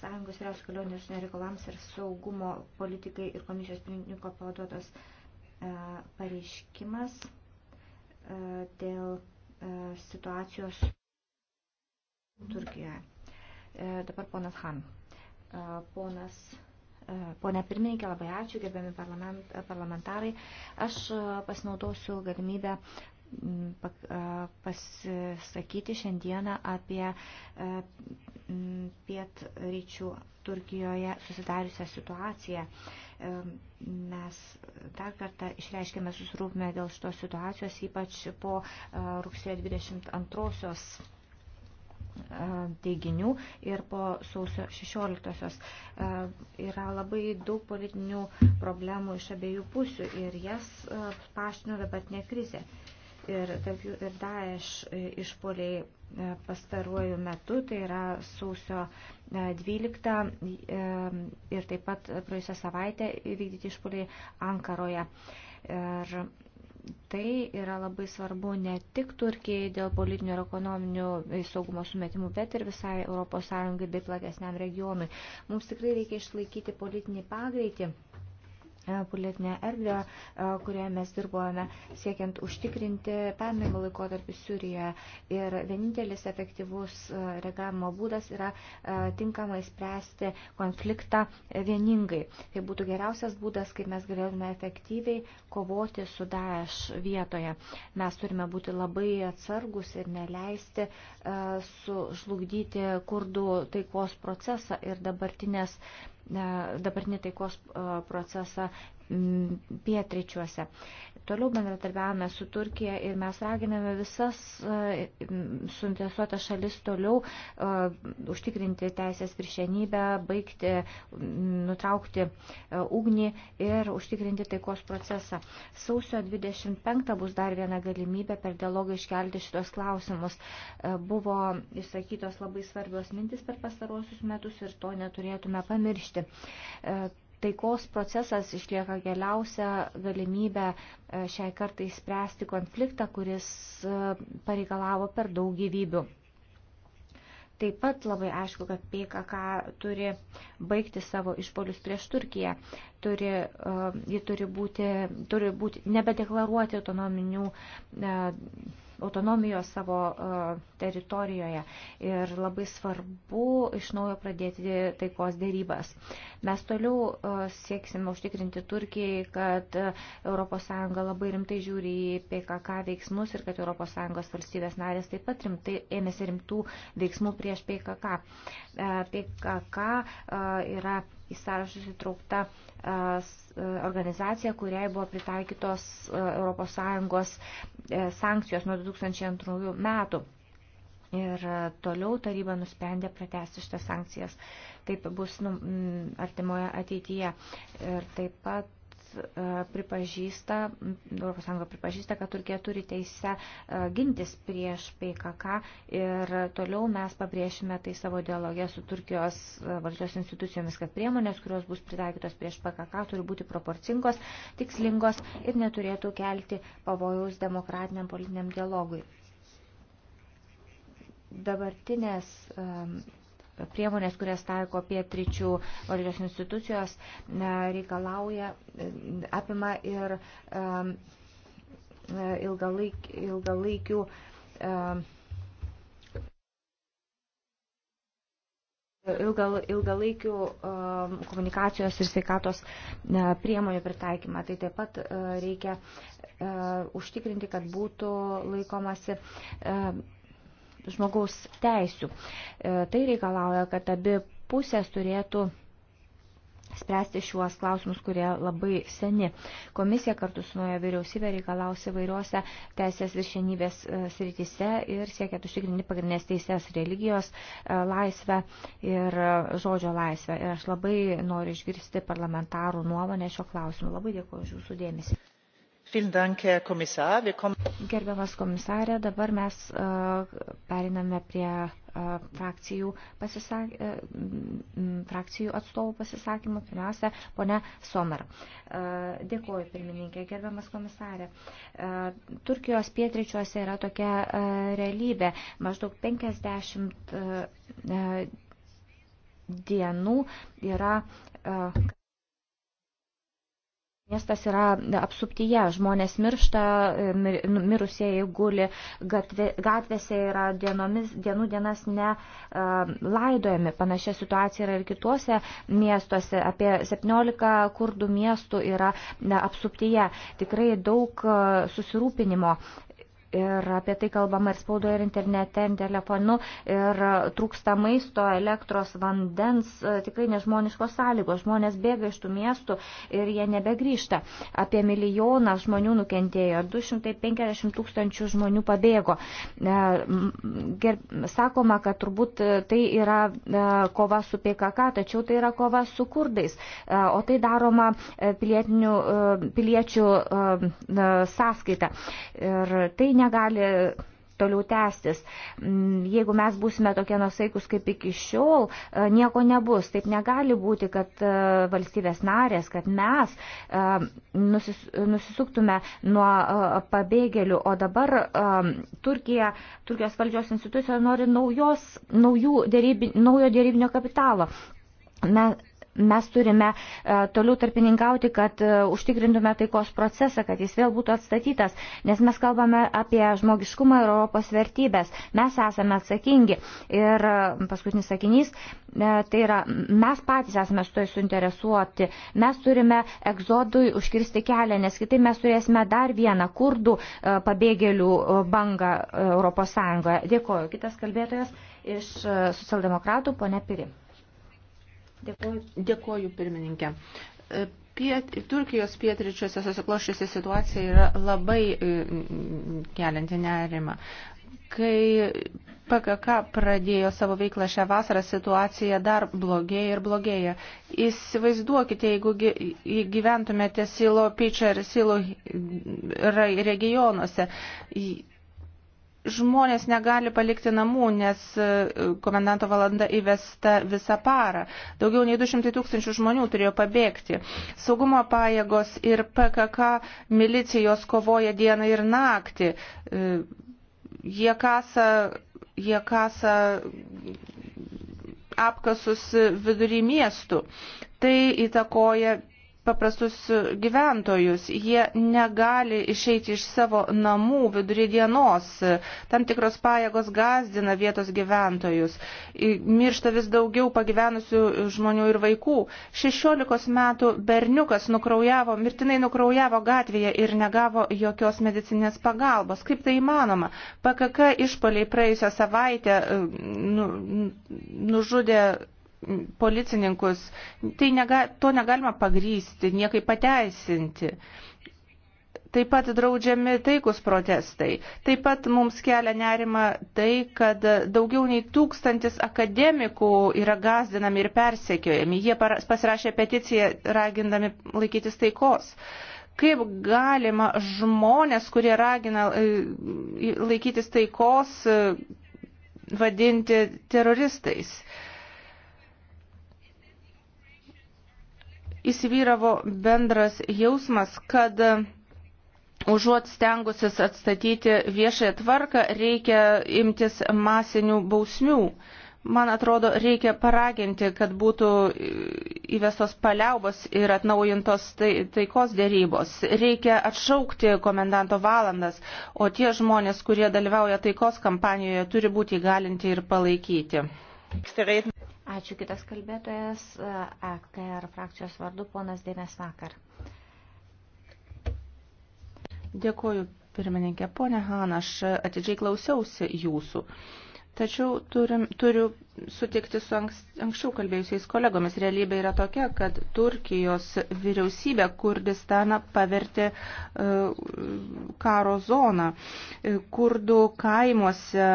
Sąjungos vyriausios kelionių užsienio reikalams ir saugumo politikai ir komisijos pirmininko pavaduotos e, pareiškimas e, dėl e, situacijos Turkijoje. Dabar ponas Han. Ponas Pone pirmininkė, labai ačiū, gerbiami parlamentarai. Aš pasinaudosiu galimybę pasisakyti šiandieną apie pietryčių Turkijoje susidariusią situaciją. E, mes dar kartą išreiškėme susirūpimę dėl šitos situacijos, ypač po rugsėjo 22-osios teiginių ir po sausio 16-osios yra labai daug politinių problemų iš abiejų pusių ir jas paštino dabartinė krizė ir tarp jų ir Daesh išpoliai e, pastaruoju metu, tai yra sausio 12 e, e, ir taip pat praėjusią savaitę įvykdyti išpoliai Ankaroje. Ir tai yra labai svarbu ne tik Turkijai dėl politinių ir ekonominių saugumo sumetimų, bet ir visai ES bei platesniam regionui. Mums tikrai reikia išlaikyti politinį pagreitį E, politinę erdvę, e, kurioje mes dirbojame, siekiant užtikrinti permainų laikotarpį Sirijoje. Ir vienintelis efektyvus e, reagavimo būdas yra tinkamai spręsti konfliktą vieningai. Tai būtų geriausias būdas, kaip mes galėtume efektyviai kovoti su Daesh vietoje. Mes turime būti labai atsargus ir neleisti sužlugdyti kurdų taikos procesą ir dabartinės uh, E, dabartinį taikos e, procesą pietryčiuose toliau bendradarbiavame su Turkija ir mes raginame visas e, suinteresuotas šalis toliau e, užtikrinti teisės viršenybę, baigti, nutraukti e, ugnį ir užtikrinti taikos procesą. Sausio 25 bus dar viena galimybė per dialogą iškelti šitos klausimus. Buvo išsakytos labai svarbios mintis per pastarosius metus ir to neturėtume pamiršti taikos procesas išlieka geriausia galimybė e, šiai kartai spręsti konfliktą, kuris e, pareikalavo per daug gyvybių. Taip pat labai aišku, kad PKK turi baigti savo išpolius prieš Turkiją turi, e, ji turi būti, turi būti nebedeklaruoti autonominių, e, autonomijos savo e, teritorijoje. Ir labai svarbu iš naujo pradėti taikos dėrybas. Mes toliau sieksime užtikrinti Turkijai, kad ES labai rimtai žiūri į PKK veiksmus ir kad ES valstybės narės taip pat rimtai ėmėsi rimtų veiksmų prieš PKK. PKK yra į sąrašus įtraukta organizacija, kuriai buvo pritaikytos ES e, sankcijos nuo 2002 metų. Ir toliau taryba nusprendė pratesti šitas sankcijas. Taip bus nu, artimoje ateityje. Ir taip pat E, pripažįsta, ES pripažįsta, kad Turkija turi teisę e, gintis prieš PKK ir toliau mes pabrėšime tai savo dialogę su Turkijos e, valdžios institucijomis, kad priemonės, kurios bus pritaikytos prieš PKK, turi būti proporcingos, tikslingos ir neturėtų kelti pavojaus demokratiniam politiniam dialogui. Dabartinės um, priemonės, kurias taiko pietričių valdžios institucijos, reikalauja, apima ir um, ilgalaik, ilgalaikių um, ilgal, ilgalaikių um, komunikacijos ir sveikatos priemonių pritaikymą. Tai taip pat uh, reikia uh, užtikrinti, kad būtų laikomasi žmogaus teisių. E, tai reikalauja, kad abi pusės turėtų spręsti šiuos klausimus, kurie labai seni. Komisija kartu su nuoja vyriausybė reikalaus įvairiuose teisės viršenybės e, srityse ir siekia užtikrinti pagrindinės teisės religijos e, laisvę ir žodžio laisvę. Ir aš labai noriu išgirsti parlamentarų nuomonę šio klausimu. Labai dėkuoju už jūsų dėmesį. Gerbiamas komisarė, dabar mes e, periname prie e, frakcijų, pasisak... E, frakcijų atstovų pasisakymų. Pirmiausia, ponia Somer. Dėkuoju, pirmininkė, gerbiamas komisarė. Turkijos pietryčiuose yra tokia realybė. Maždaug 50 dienų yra Miestas yra apsuptyje, žmonės miršta, mirusieji guli, gatvė, gatvėse yra dienomis, dienų dienas nelaidojami. Panašia situacija yra ir kituose miestuose. Apie 17 kurdų miestų yra apsuptyje. Tikrai daug susirūpinimo Ir apie tai kalbama ir spaudoje, ir internete, ir telefonu. Ir trūksta maisto, elektros, vandens, e, tikrai nežmoniškos sąlygos. Žmonės bėga iš tų miestų ir jie nebegrįžta. Apie milijoną žmonių nukentėjo, 250 tūkstančių žmonių pabėgo. E, sakoma, kad turbūt e, tai yra kova su PKK, tačiau tai yra kova su kurdais. O tai daroma piliečių sąskaita. Ir tai negali toliau tęstis. Mm, jeigu mes būsime tokie nusaikus kaip iki šiol, e, nieko nebus. Taip negali būti, kad e, valstybės narės, kad mes e, nusis, nusisuktume nuo pabėgėlių, o dabar Turkija, Turkijos valdžios institucijos nori naujos, naujų dėrybi, naujo dėrybinio kapitalo. Mes, mes turime e, toliau tarpininkauti, kad e, užtikrintume taikos procesą, kad jis vėl būtų atstatytas, nes mes kalbame apie žmogiškumą ir Europos vertybės. Mes esame atsakingi. Ir e, paskutinis sakinys, tai yra, mes patys esame su to tai suinteresuoti. Mes turime egzodui užkirsti kelią, nes kitaip mes turėsime dar vieną kurdų pabėgėlių bangą Europos Sąjungoje. Dėkoju. Kitas kalbėtojas iš socialdemokratų, ponė Piri. Dėkoju, Dėkoju pirmininkė. E, piet, Turkijos pietričiuose susikloščiusi situacija yra labai e, kelianti nerimą. Kai PKK pradėjo savo veiklą šią vasarą, situacija dar blogėja ir blogėja. Įsivaizduokite, jeigu gyventumėte Silo Pičer, Silo regionuose, žmonės negali palikti namų, nes e, komendanto valanda įvesta visą parą. Daugiau nei 200 tūkstančių žmonių turėjo pabėgti. Saugumo pajėgos ir PKK milicijos kovoja dieną ir naktį. E, jie kasa, jie kasa apkasus vidury miestų. Tai įtakoja paprastus gyventojus. Jie negali išeiti iš savo namų vidurį dienos. Tam tikros pajėgos gazdina vietos gyventojus. Miršta vis daugiau pagyvenusių žmonių ir vaikų. 16 metų berniukas nukraujavo, mirtinai nukraujavo gatvėje ir negavo jokios medicinės pagalbos. Kaip tai įmanoma? PKK išpoliai praėjusią savaitę e, nu, nužudė policininkus. Tai nega, to negalima pagrysti, niekai pateisinti. Taip pat draudžiami taikus protestai. Taip pat mums kelia nerima tai, kad daugiau nei tūkstantis akademikų yra gazdinami ir persekiojami. Jie pasirašė peticiją ragindami laikytis taikos kaip galima žmonės, kurie ragina e, laikytis taikos, e, vadinti teroristais. įsivyravo bendras jausmas, kad užuot stengusis atstatyti viešąją tvarką, reikia imtis masinių bausmių. Man atrodo, reikia paraginti, kad būtų įvestos paliaubos ir atnaujintos tai, taikos dėrybos. Reikia atšaukti komendanto valandas, o tie žmonės, kurie dalyvauja taikos kampanijoje, turi būti įgalinti ir palaikyti. Ačiū kitas kalbėtojas, AKR e frakcijos vardu, ponas Dėmes Vakar. Dėkuoju, pirmininkė. Pone Han, aš atidžiai klausiausi jūsų. Tačiau turim, turiu sutikti su anks, anksčiau kalbėjusiais kolegomis. Realybė yra tokia, kad Turkijos vyriausybė Kurdistaną pavertė uh, karo zoną. E, kurdų kaimuose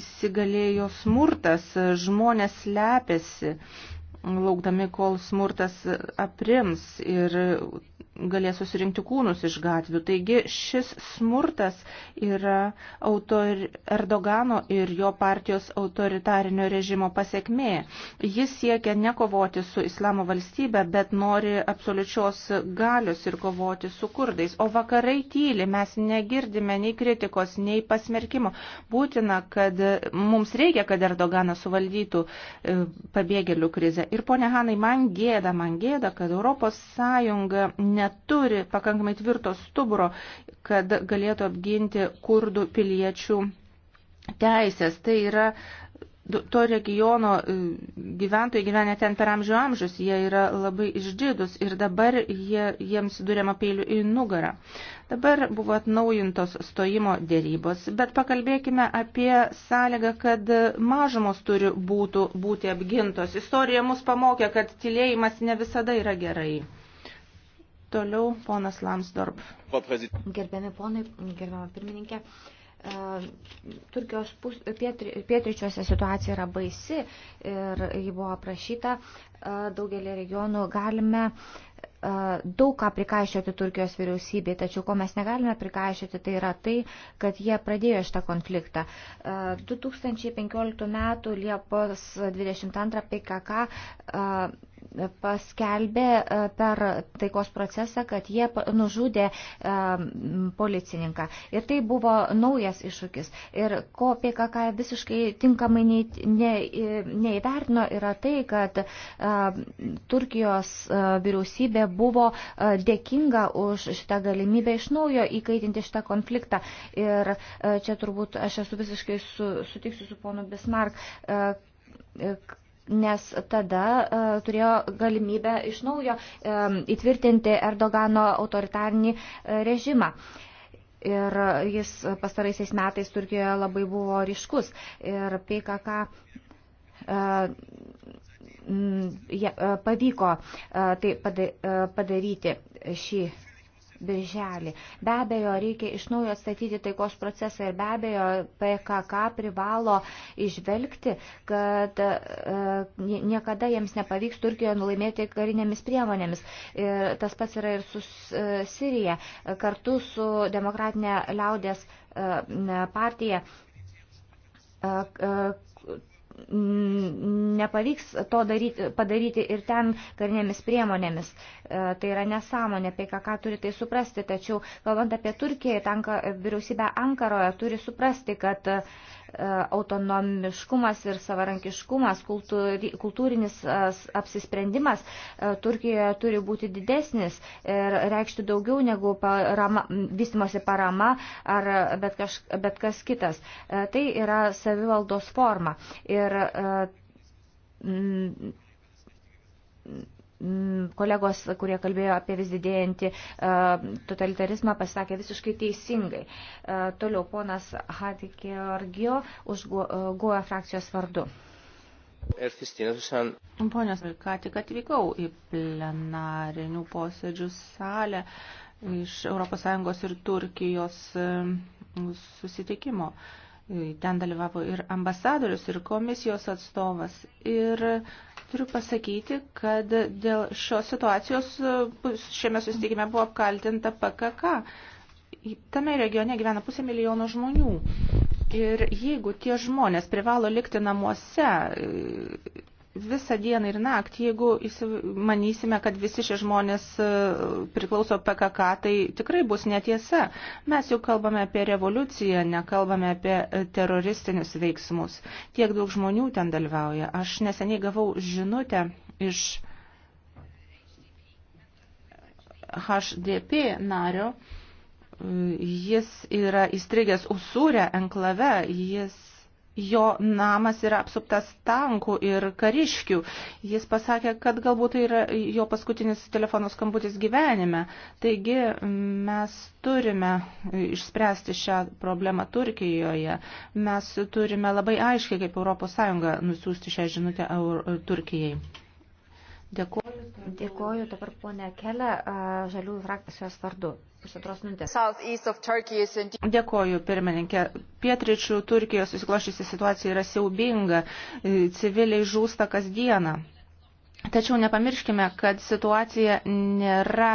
įsigalėjo smurtas, žmonės slepiasi. Uh, laukdami, kol smurtas aprims ir galės susirinkti kūnus iš gatvių. Taigi šis smurtas yra autor, Erdogano ir jo partijos autoritarinio režimo pasiekmė. Jis siekia nekovoti su islamo valstybe, bet nori absoliučios galios ir kovoti su kurdais. O vakarai tyli, mes negirdime nei kritikos, nei pasmerkimo. Būtina, kad mums reikia, kad Erdoganas suvaldytų e, pabėgėlių krizę Ir ponia Hanai, man gėda, man gėda, kad ES neturi pakankamai tvirto stuburo, kad galėtų apginti kurdų piliečių teisės. Tai yra to regiono e, gyventojai gyvenę ten per amžių amžius, jie yra labai išdidus ir dabar jie, jiems duriama peiliu į nugarą. Dabar buvo atnaujintos stojimo dėrybos, bet pakalbėkime apie sąlygą, kad mažumos turi būtų, būti apgintos. Istorija mus pamokė, kad tylėjimas ne visada yra gerai. Toliau ponas Lamsdorp. Gerbiami ponai, gerbiama pirmininkė. Uh, Ehm, Turkijos pietryčiuose situacija yra baisi ir ji buvo aprašyta ehm, daugelį regionų. Galime ehm, daug ką prikaišioti Turkijos vyriausybei, tačiau ko mes negalime prikaišioti, tai yra tai, kad jie pradėjo šitą konfliktą. 2015 m. Liepos 22 PKK paskelbė e, per taikos procesą, kad jie nužudė e, policininką. Ir tai buvo naujas iššūkis. Ir ko PKK visiškai tinkamai e, neįvertino yra tai, kad Turkijos vyriausybė buvo dėkinga už šitą galimybę iš naujo įkaitinti šitą konfliktą. Ir čia turbūt aš esu visiškai su, sutiksiu su ponu Bismarck nes tada uh, turėjo galimybę iš naujo um, įtvirtinti Erdogano autoritarnį uh, e, režimą. Ir jis pastaraisiais metais Turkijoje labai buvo ryškus. Ir PKK uh, m, ja, pavyko uh, tai padaryti šį birželį. Be abejo, reikia iš naujo atstatyti taikos procesą ir be abejo, PKK privalo išvelgti, kad e, niekada jiems nepavyks Turkijoje nulaimėti karinėmis priemonėmis. Ir tas pats yra ir su e, Sirija. Kartu su demokratinė liaudės e, partija. E, e, nepavyks to daryti, padaryti ir ten karinėmis priemonėmis. E, tai yra nesąmonė, PKK turi tai suprasti, tačiau kalbant apie Turkiją, tenka vyriausybę Ankaroje turi suprasti, kad E, autonomiškumas ir savarankiškumas, kultūrinis e, apsisprendimas e, Turkijoje turi būti didesnis ir reikšti daugiau negu parama, vystimosi parama ar bet, kaž, bet kas kitas. Tai yra savivaldos forma. Ir, mm, Mm, kolegos, kurie kalbėjo apie vis didėjantį e, totalitarizmą, pasakė visiškai teisingai. E, toliau ponas Hadikė Argio už GUE e frakcijos vardu. Ponios, ką tik atvykau į plenarinių posėdžių salę iš ES ir Turkijos susitikimo. Ten dalyvavo ir ambasadorius, ir komisijos atstovas. Ir Turiu pasakyti, kad dėl šios situacijos e, šiame susitikime buvo apkaltinta PKK. Tame regione gyvena pusė milijono žmonių. Ir jeigu tie žmonės privalo likti namuose, e, visą dieną ir naktį, jeigu manysime, kad visi šie žmonės e, priklauso PKK, tai tikrai bus netiesa. Mes jau kalbame apie revoliuciją, nekalbame apie e, teroristinius veiksmus. Tiek daug žmonių ten dalyvauja. Aš neseniai gavau žinutę iš HDP nario. E, jis yra įstrigęs Usūrė enklave, jis jo namas yra apsuptas tankų ir kariškių. Jis pasakė, kad galbūt tai yra jo paskutinis telefono skambutis gyvenime. Taigi mes turime išspręsti šią problemą Turkijoje. Mes turime labai aiškiai, kaip ES, nusiųsti šią žinutę Turkijai. Dėkuoju. Dėkuoju dabar ponė Kelė, Žaliųjų frakcijos vardu pusantros minutės. Dėkoju, pirmininkė. Pietričių Turkijoje susiklošysi situacija yra siaubinga. E, civiliai žūsta kasdieną. Tačiau nepamirškime, kad situacija nėra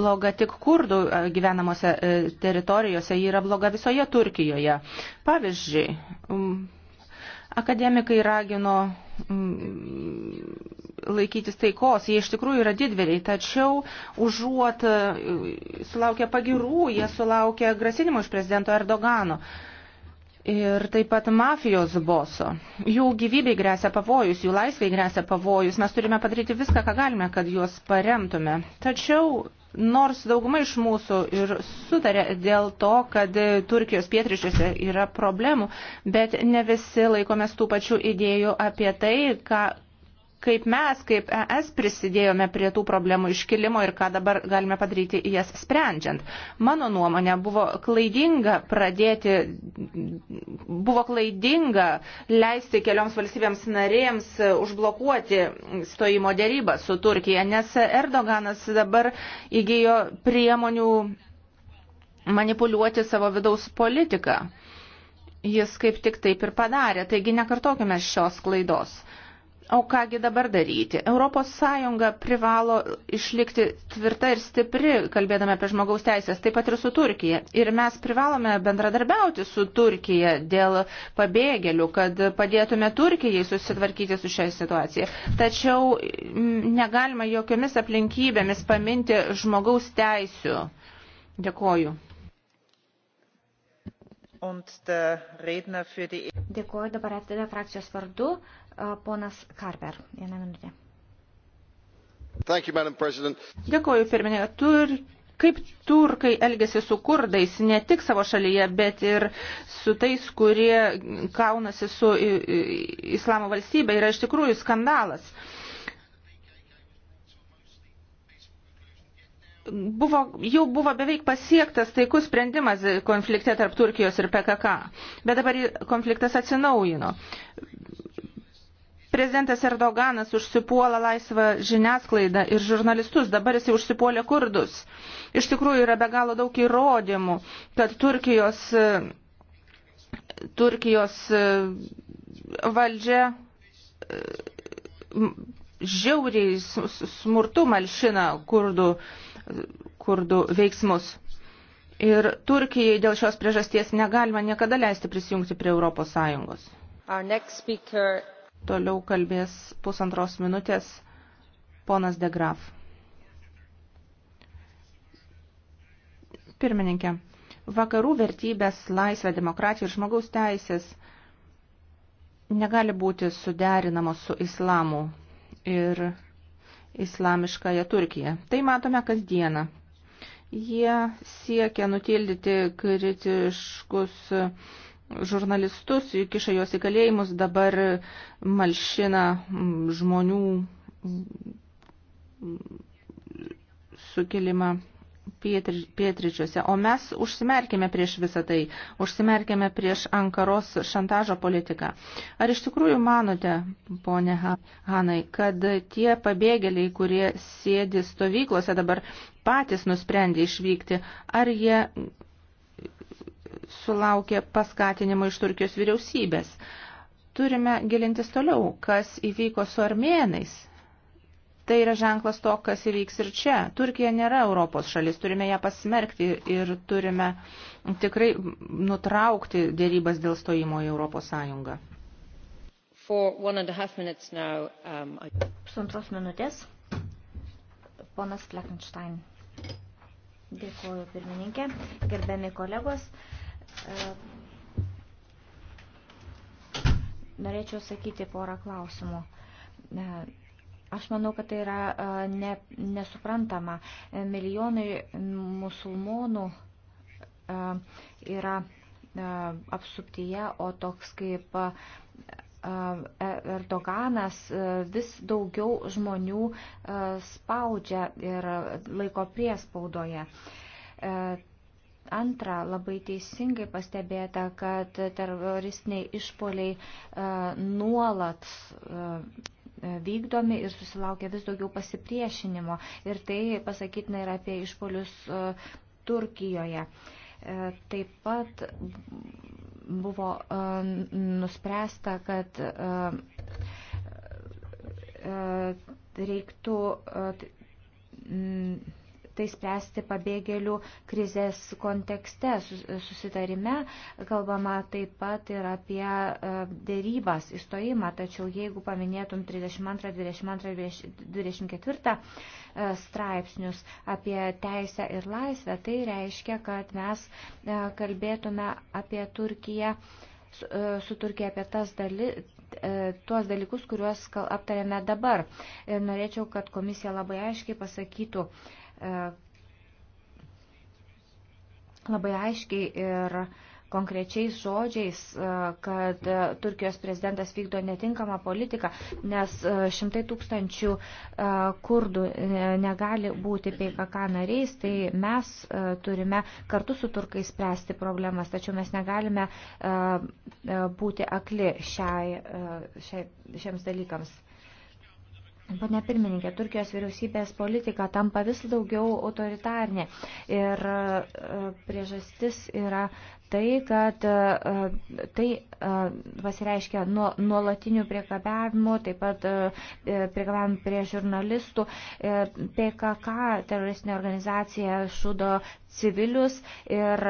bloga tik kurdų e, gyvenamose e, teritorijose, ji yra bloga visoje Turkijoje. Pavyzdžiui, Akademikai ragino mm, laikytis taikos, jie iš tikrųjų yra didveriai, tačiau užuot e, sulaukę pagirų, jie sulaukia grasinimų iš prezidento Erdogano ir taip pat mafijos boso. Jų gyvybei grėsia pavojus, jų laisvai grėsia pavojus. Mes turime padaryti viską, ką galime, kad juos paremtume. Tačiau Nors dauguma iš mūsų ir sutarė dėl to, kad Turkijos pietričiuose yra problemų, bet ne visi laikomės tų pačių idėjų apie tai, ką, kaip mes, kaip ES prisidėjome prie tų problemų iškilimo ir ką dabar galime padaryti jas sprendžiant. Mano nuomonė buvo klaidinga pradėti, buvo klaidinga leisti kelioms valstybėms narėms užblokuoti stojimo dėrybą su Turkija, nes Erdoganas dabar įgyjo priemonių manipuliuoti savo vidaus politiką. Jis kaip tik taip ir padarė, taigi nekartokime šios klaidos. O kągi dabar daryti? ES privalo išlikti tvirta ir stipri, kalbėdami apie žmogaus teisės, taip pat ir su Turkija. Ir mes privalome bendradarbiauti su Turkija dėl pabėgėlių, kad padėtume Turkijai susitvarkyti su šią situaciją. Tačiau negalima jokiomis aplinkybėmis paminti žmogaus teisių. Dėkoju. Dėkoju dabar FTD frakcijos vardu. Ponas Karber, vieną minutę. You, Dėkuoju, pirminė. Tur, kaip turkai elgesi su kurdais, ne tik savo šalyje, bet ir su tais, kurie kaunasi su islamo valstybė, yra iš tikrųjų skandalas. buvo, jau buvo beveik pasiektas taikus sprendimas konflikte tarp Turkijos ir PKK, bet dabar konfliktas atsinaujino. Prezidentas Erdoganas užsipuola laisvą žiniasklaidą ir žurnalistus, dabar jis užsipuolė kurdus. Iš tikrųjų yra be galo daug įrodymų, kad Turkijos, Turkijos e, valdžia e, žiauriai smurtu malšina kurdų, kurdų veiksmus. Ir Turkijai dėl šios priežasties negalima niekada leisti prisijungti prie Europos Sąjungos. Our next speaker Toliau kalbės pusantros minutės ponas Degraf. Pirmininkė, vakarų vertybės, laisvė, demokratija ir žmogaus teisės negali būti suderinamos su islamu ir islamiškąją Turkiją. Tai matome kasdieną. Jie siekia nutildyti kritiškus žurnalistus, kiša juos į kalėjimus, dabar malšina mm, žmonių mm, sukilimą pietryčiuose. O mes užsimerkėme prieš visą tai, užsimerkėme prieš Ankaros šantažo politiką. Ar iš tikrųjų manote, ponė Hanai, kad tie pabėgėliai, kurie sėdi stovyklose dabar patys nusprendė išvykti, ar jie sulaukė paskatinimo iš Turkijos vyriausybės. Turime gilintis toliau, kas įvyko su armėnais. Tai yra ženklas to, kas įvyks ir čia. Turkija nėra Europos šalis, turime ją pasmerkti ir turime tikrai nutraukti dėrybas dėl stojimo į Europos Sąjungą. Now, um, I... Pusantros minutės. Ponas Fleckenstein. Dėkuoju pirmininkė, gerbiami kolegos norėčiau sakyti porą klausimų. Aš manau, kad tai yra e, ne, nesuprantama. Milijonai musulmonų e, yra e, apsuptyje, o toks kaip Erdoganas vis daugiau žmonių spaudžia ir laiko priespaudoje. Antra, labai teisingai pastebėta, kad teroristiniai išpoliai e, nuolat e, vykdomi ir susilaukia vis daugiau pasipriešinimo. Ir tai pasakytina yra apie išpolius e, Turkijoje. Taip pat buvo nuspręsta, kad reiktų tai spręsti pabėgėlių krizės kontekste. Susitarime kalbama taip pat ir apie e, dėrybas, įstojimą, tačiau jeigu paminėtum 32, 22, 24 straipsnius apie teisę ir laisvę, tai reiškia, kad mes e, kalbėtume apie Turkiją su, e, su Turkija apie tas dali, tuos dalykus, kuriuos aptarėme dabar. Ir norėčiau, kad komisija labai aiškiai pasakytų, E, labai aiškiai ir konkrečiais žodžiais, e, kad e, Turkijos prezidentas vykdo netinkamą politiką, nes šimtai tūkstančių kurdų negali būti PKK nariais, tai mes turime kartu su turkais spręsti problemas, tačiau mes negalime būti akli šiai, šiai, šiems dalykams. Pane pirmininkė, Turkijos vyriausybės politika tampa vis daugiau autoritarnė ir e, priežastis yra tai, kad e, tai e, pasireiškia nuo nuolatinių priekabiavimų, taip pat e, priekabiavimų prie žurnalistų. PKK teroristinė organizacija šudo civilius ir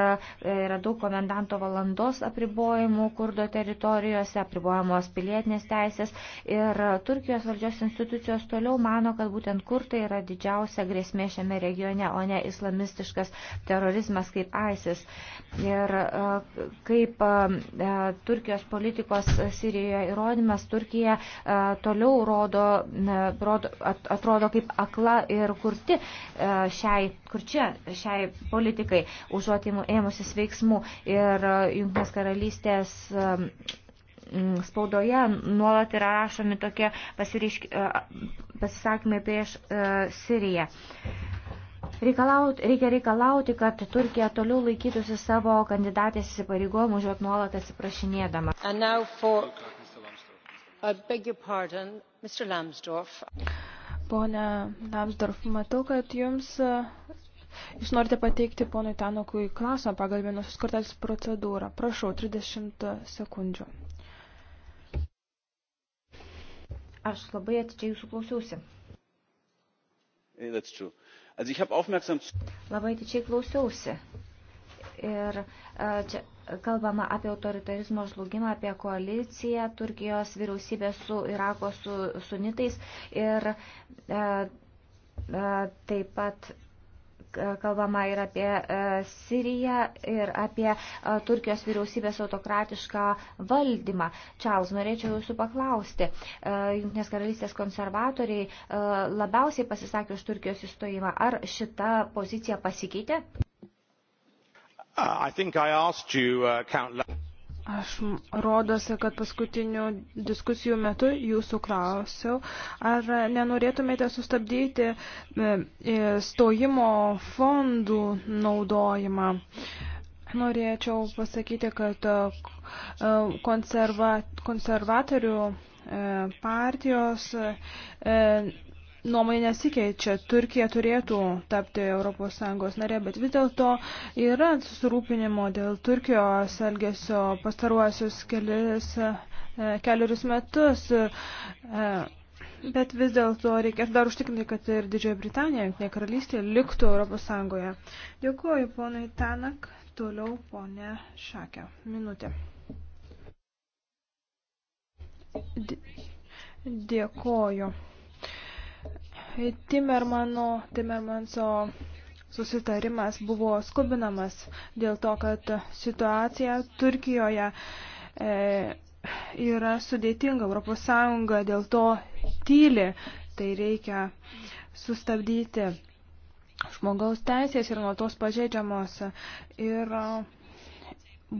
yra daug komendanto valandos apribojimų kurdo teritorijose, apribojamos pilietinės teisės ir Turkijos valdžios institucijos toliau mano, kad būtent kurdai yra didžiausia grėsmė šiame regione, o ne islamistiškas terorizmas kaip ISIS. Ir E, kaip e, e, Turkijos politikos Sirijoje įrodymas, Turkija toliau rodo, rodo, atrodo kaip akla ir kurti šiai, kur čia, šiai politikai užuot ėmusis veiksmų ir Junktinės karalystės spaudoje nuolat yra rašomi tokie pasireišk, pasisakymai prieš Siriją. Reikalaut, reikia reikalauti, kad Turkija toliau laikytųsi savo kandidatės įsipareigojimų, užuot nuolat atsiprašinėdama. For... Pardon, Pone Lamsdorf, matau, kad jums e, Jūs norite pateikti ponui Tanokui klausimą pagal vienosios kortelės procedūrą. Prašau, 30 sekundžių. Aš labai atidžiai jūsų klausiausi. That's true. Also ich habe aufmerksam Labai tyčiai klausiausi. Ir e, čia kalbama apie autoritarizmo žlugimą, apie koaliciją Turkijos vyriausybės su Irako su sunitais ir e, e, taip pat kalbama ir apie e, Siriją, ir apie e, Turkijos vyriausybės autokratišką valdymą. Čarls, norėčiau jūsų paklausti. E, Junktinės karalystės konservatoriai labiausiai pasisakė už Turkijos įstojimą. Ar šita pozicija pasikeitė? Uh, I think I asked you, uh, Count Aš rodosi, kad paskutinių diskusijų metu jūsų klausiau, ar nenorėtumėte sustabdyti e, e, stojimo fondų naudojimą. Norėčiau pasakyti, kad e, konserva, konservatorių partijos nuomonė nesikeičia. Turkija turėtų tapti ES narė, bet vis dėlto yra susirūpinimo dėl Turkijos elgesio pastaruosius kelius, e, kelius metus. E, bet vis dėlto reikės dar užtikrinti, kad ir Didžioji Britanija, Junktinė karalystė, liktų ES. Dėkuoju ponui Tanak, toliau ponė Šakė. Minutė. Dėkuoju. Timermano, Timermanso susitarimas buvo skubinamas dėl to, kad situacija Turkijoje e, yra sudėtinga. Europos Sąjunga dėl to tyli, tai reikia sustabdyti. Žmogaus teisės ir nuo tos pažeidžiamos. Ir e,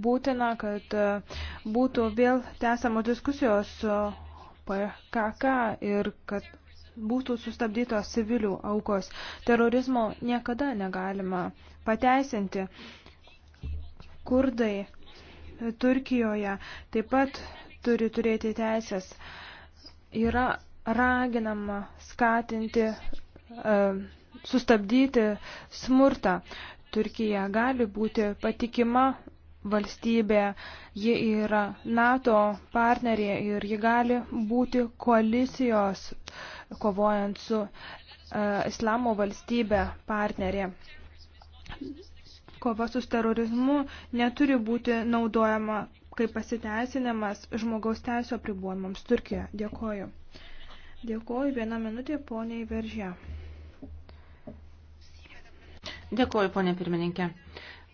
būtina, kad e, būtų vėl tęsamos diskusijos PKK ir kad būtų sustabdytos civilių aukos. Terorizmo niekada negalima pateisinti. Kurdai Turkijoje taip pat turi turėti teisės. Yra raginama skatinti, e, sustabdyti smurtą. Turkija gali būti patikima valstybė, ji yra NATO partnerė ir ji gali būti koalicijos uh, kovojant su e, islamo valstybė partnerė. Kova su terorizmu neturi būti naudojama kaip pasiteisinimas žmogaus teisų apribuomams Turkijoje. Dėkoju. Dėkoju vieną minutę poniai Veržė. Dėkoju, ponė pirmininkė.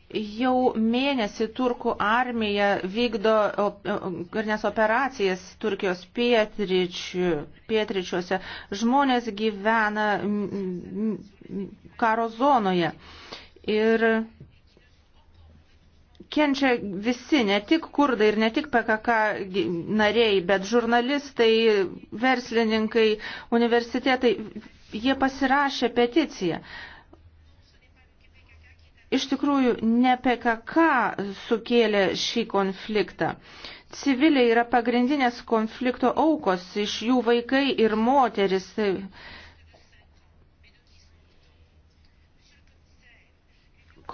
Jau mėnesį Turkų armija vykdo karinės operacijas Turkijos pietričių, pietričiuose. Žmonės gyvena karo zonoje ir kenčia visi, ne tik kurdai ir ne tik PKK nariai, bet žurnalistai, verslininkai, universitetai. Jie pasirašė peticiją. Iš tikrųjų, ne PKK sukėlė šį konfliktą. Civiliai yra pagrindinės konflikto aukos, iš jų vaikai ir moteris.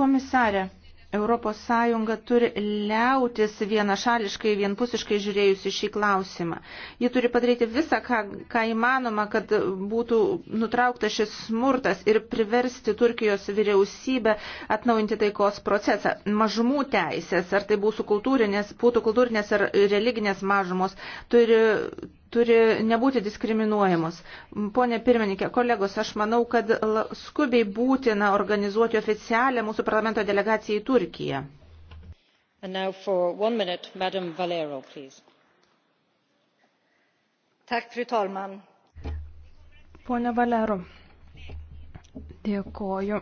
Komisarė, Europos Sąjunga turi liautis vienašališkai, vienpusiškai žiūrėjusi šį klausimą. Ji turi padaryti visą, ką, ką įmanoma, kad būtų nutrauktas šis smurtas ir priversti Turkijos vyriausybę atnaujinti taikos procesą. Mažumų teisės, ar tai būtų kultūrinės, būtų kultūrinės ar religinės mažumos, turi turi nebūti diskriminuojamos. Pone pirmininkė, kolegos, aš manau, kad skubiai būtina organizuoti oficialią mūsų parlamento delegaciją į Turkiją. Minute, Valero, tak, fru talman. Pone Valero, dėkoju.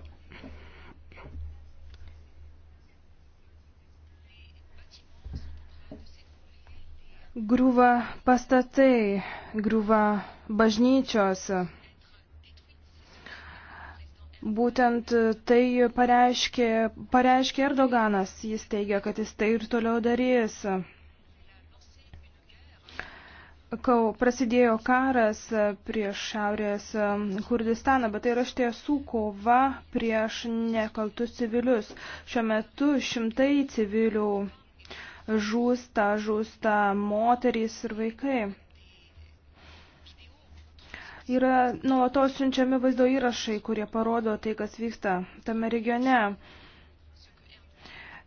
Griūva pastatai, griūva bažnyčios. Būtent tai pareiškė, pareiškė Erdoganas. Jis teigia, kad jis tai ir toliau darys. Kau prasidėjo karas prieš Šiaurės um, Kurdistaną, bet tai yra iš tiesų kova prieš nekaltus civilius. Šiuo metu šimtai civilių žūsta, žūsta moterys ir vaikai. Yra nuolatos siunčiami vaizdo įrašai, kurie parodo tai, kas vyksta tame regione.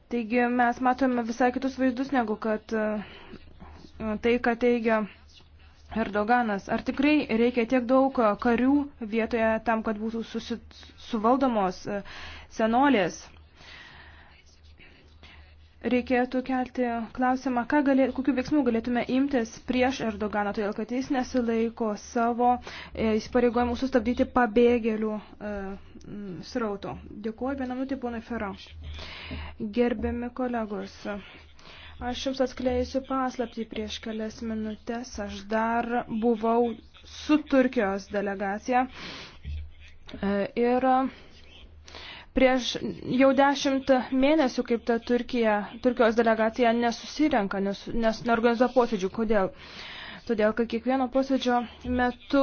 Taigi mes matome visai kitus vaizdus, negu kad e, tai, ką teigia Erdoganas. Ar tikrai reikia tiek daug karių vietoje tam, kad būtų susit... suvaldomos e, senolės? reikėtų kelti klausimą, galė, kokiu veiksmu galėtume imtis prieš Erdoganą, todėl kad jis nesilaiko savo e, įsipareigojimų sustabdyti pabėgėlių e, srauto. Dėkuoju vieną minutį, ponai Feraš. Gerbiami kolegos, aš jums atskleisiu paslaptį prieš kelias minutės. Aš dar buvau su Turkijos delegacija e, ir e, Prieš jau dešimt mėnesių, kaip ta Turkija, Turkijos delegacija nesusirenka, nes, nes neorganizuoja posėdžių. Kodėl? Todėl, kad kiekvieno posėdžio metu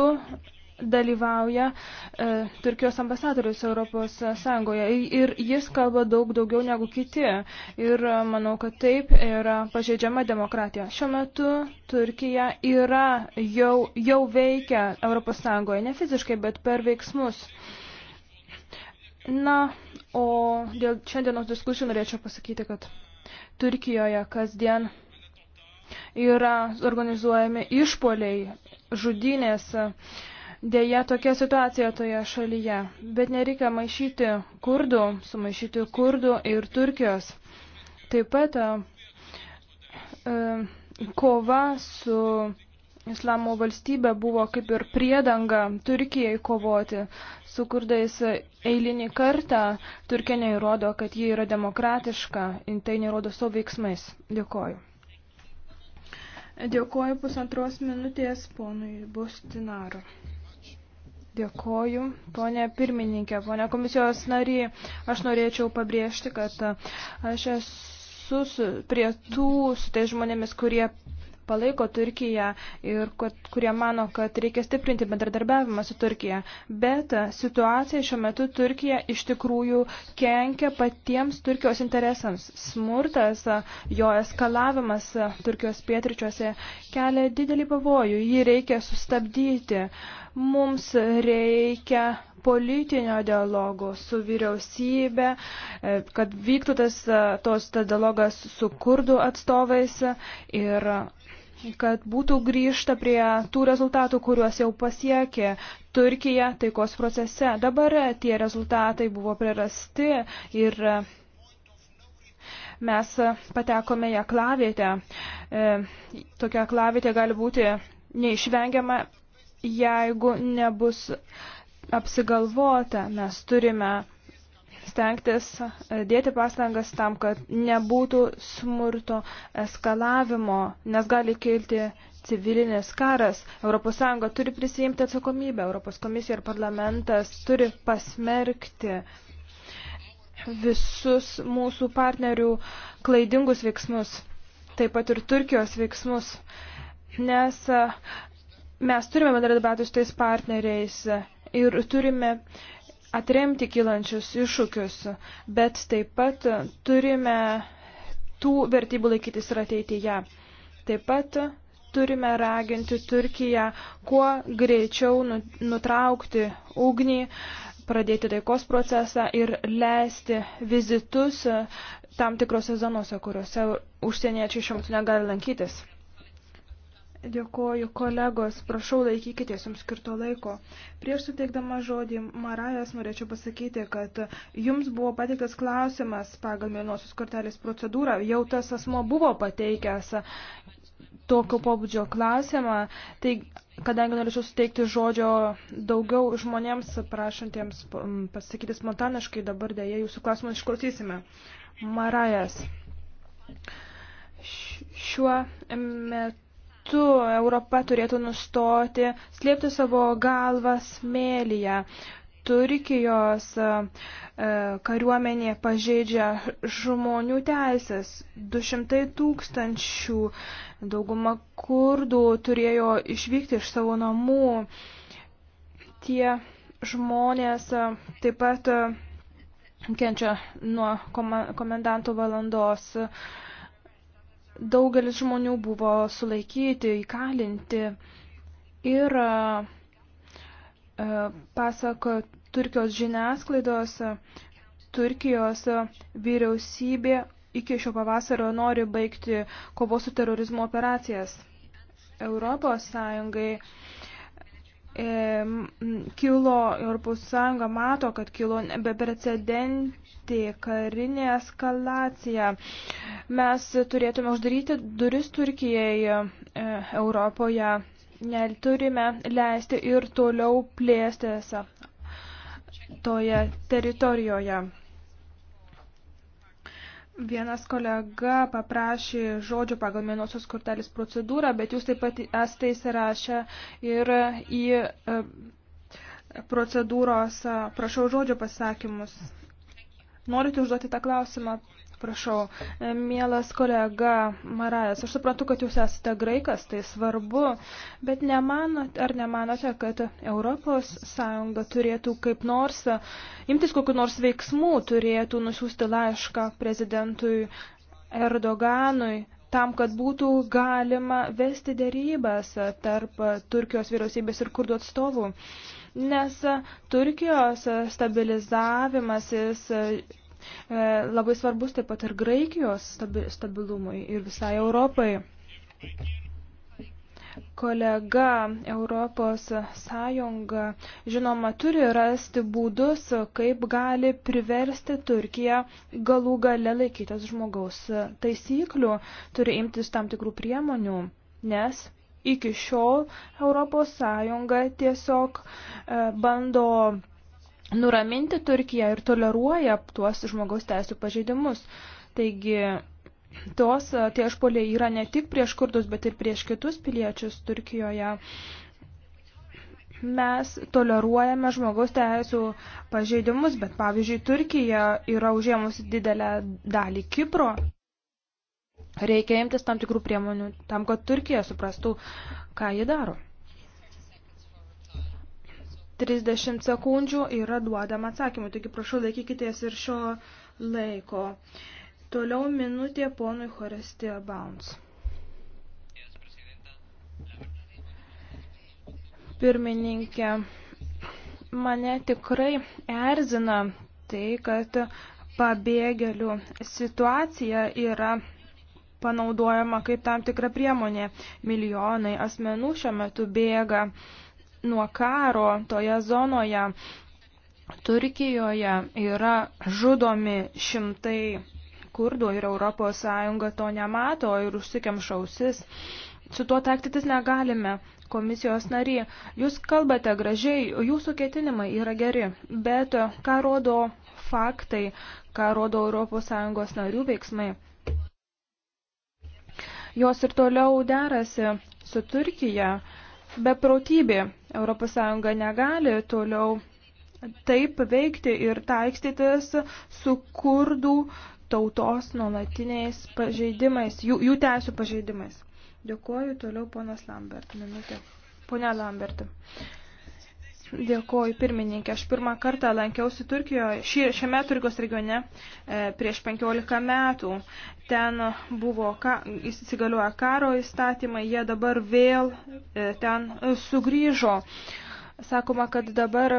dalyvauja e, Turkijos ambasadorius Europos Sąjungoje ir jis kalba daug daugiau negu kiti ir e, manau, kad taip yra pažeidžiama demokratija. Šiuo metu Turkija yra jau, jau veikia Europos Sąjungoje, ne fiziškai, bet per veiksmus. E, Na, o dėl šiandienos diskusijų norėčiau pasakyti, kad Turkijoje kasdien yra organizuojami išpoliai, žudynės. Dėja, tokia situacija toje šalyje. Bet nereikia maišyti kurdų, sumaišyti kurdų ir Turkijos. Taip pat e, e kova su islamo valstybė buvo kaip ir priedanga Turkijai kovoti su kurdais eilinį kartą, Turkija neįrodo, kad ji yra demokratiška, tai neįrodo savo veiksmais. Dėkoju. Dėkoju pusantros minutės ponui Bostinaro. Dėkoju, ponė pirmininkė, ponė komisijos nariai. Aš norėčiau pabrėžti, kad aš esu prie tų su tai žmonėmis, kurie palaiko Turkiją ir kad, kurie mano, kad reikia stiprinti bendradarbiavimą su Turkija. Bet situacija šiuo metu Turkija iš tikrųjų kenkia patiems Turkijos interesams. Smurtas, jo eskalavimas Turkijos pietričiuose kelia didelį pavojų. Jį reikia sustabdyti. Uh, Mums reikia politinio dialogo su vyriausybė, e, kad vyktų tas, e, tos, tas dialogas su kurdų atstovais ir kad būtų grįžta prie tų rezultatų, kuriuos jau pasiekė Turkija taikos procese. Dabar tie rezultatai buvo prerasti ir e, mes patekome į aklavietę. Tokia aklavietė gali būti neišvengiama jeigu nebus apsigalvota, mes turime stengtis e, dėti pastangas tam, kad nebūtų smurto eskalavimo, nes gali kilti civilinis karas. ES turi prisijimti atsakomybę, ES komisija ir parlamentas turi pasmerkti visus mūsų partnerių klaidingus veiksmus, taip pat ir Turkijos veiksmus, nes e, Mes turime bendradarbiauti su tais partneriais ir turime atremti kylančius iššūkius, bet taip pat turime tų vertybių laikytis ir ateityje. Taip pat turime raginti Turkiją kuo greičiau nu, nutraukti ugnį, pradėti taikos procesą ir leisti vizitus tam tikrose zonose, kuriuose užsieniečiai šiuo metu negali lankytis. Dėkoju kolegos, prašau laikykitės jums skirto laiko. Prieš suteikdama žodį Marajas norėčiau pasakyti, kad jums buvo pateiktas klausimas pagal mėlynosios kortelės procedūrą, jau tas asmo buvo pateikęs tokio pobūdžio klausimą, tai kadangi norėčiau suteikti žodžio daugiau žmonėms prašantiems pasakyti spontaniškai, dabar dėja jūsų klausimą išklausysime. Marajas. Šiuo metu metu Europa turėtų nustoti slėpti savo galvą smėlyje. Turkijos e, e, kariuomenė pažeidžia žmonių teisės. 200 tūkstančių dauguma kurdų turėjo išvykti iš savo namų. Tie žmonės e, taip pat kenčia nuo komendantų valandos Daugelis žmonių buvo sulaikyti, įkalinti ir e, pasak Turkijos žiniasklaidos, Turkijos vyriausybė iki šio pavasario nori baigti kovos su terorizmo operacijas. Europos Sąjungai E, kilo Europos Sąjunga mato, kad kilo beprecedentė karinė eskalacija. Mes turėtume uždaryti duris Turkijai e, Europoje. Neturime leisti ir toliau plėstėse toje teritorijoje. Vienas kolega paprašė žodžio pagal mėnosios kortelės procedūrą, bet jūs taip pat esate įsirašę ir į e, procedūros prašau žodžio pasakymus. Norite užduoti tą klausimą? Prašau, mielas kolega Marajas, aš suprantu, kad jūs esate graikas, tai svarbu, bet nemanot, ar nemanote, kad Europos Sąjunga turėtų kaip nors imtis kokiu nors veiksmų, turėtų nusiųsti laišką prezidentui Erdoganui, tam, kad būtų galima vesti dėrybas tarp Turkijos vyriausybės ir kurdų atstovų. Nes Turkijos stabilizavimasis E, labai svarbus taip pat ir Graikijos stabilumui ir visai Europai. Kolega Europos Sąjunga, žinoma, turi rasti būdus, kaip gali priversti Turkiją galų gale laikytas žmogaus taisyklių, turi imtis tam tikrų priemonių, nes iki šiol Europos Sąjunga tiesiog e, bando nuraminti Turkiją ir toleruoja tuos žmogaus teisų pažeidimus. Taigi tos tie išpoliai yra ne tik prieš kurdus, bet ir prieš kitus piliečius Turkijoje. Mes toleruojame žmogaus teisų pažeidimus, bet pavyzdžiui, Turkija yra užėmusi didelę dalį Kipro. Reikia imtis tam tikrų priemonių tam, kad Turkija suprastų, ką ji daro. 30 sekundžių yra duodama atsakymui, taigi prašau laikykitės ir šio laiko. Toliau minutė ponui Horestija Bounce. Pirmininkė, mane tikrai erzina tai, kad pabėgėlių situacija yra panaudojama kaip tam tikra priemonė. Milijonai asmenų šiuo metu bėga uh, nuo karo toje zonoje Turkijoje yra žudomi šimtai kurdų ir ES to nemato ir užsikemšausis. Su tuo taktytis negalime. Komisijos nariai, jūs kalbate gražiai, jūsų ketinimai yra geri, bet ką rodo faktai, ką rodo ES narių veiksmai? Jos ir toliau derasi su Turkija beprotybė. ES negali toliau taip veikti ir taikstytis su kurdų tautos nuolatiniais pažeidimais, jų, jų teisų pažeidimais. Dėkuoju toliau ponas Lambert. Minutė. Pone Lambert. Dėkuoju pirmininkė. Aš pirmą kartą lankiausi Turkijoje, ši, šiame Turkijos regione e, prieš 15 metų. Ten buvo, ka, įsigaliuoja karo įstatymai, jie dabar vėl e, ten sugrįžo. Sakoma, kad dabar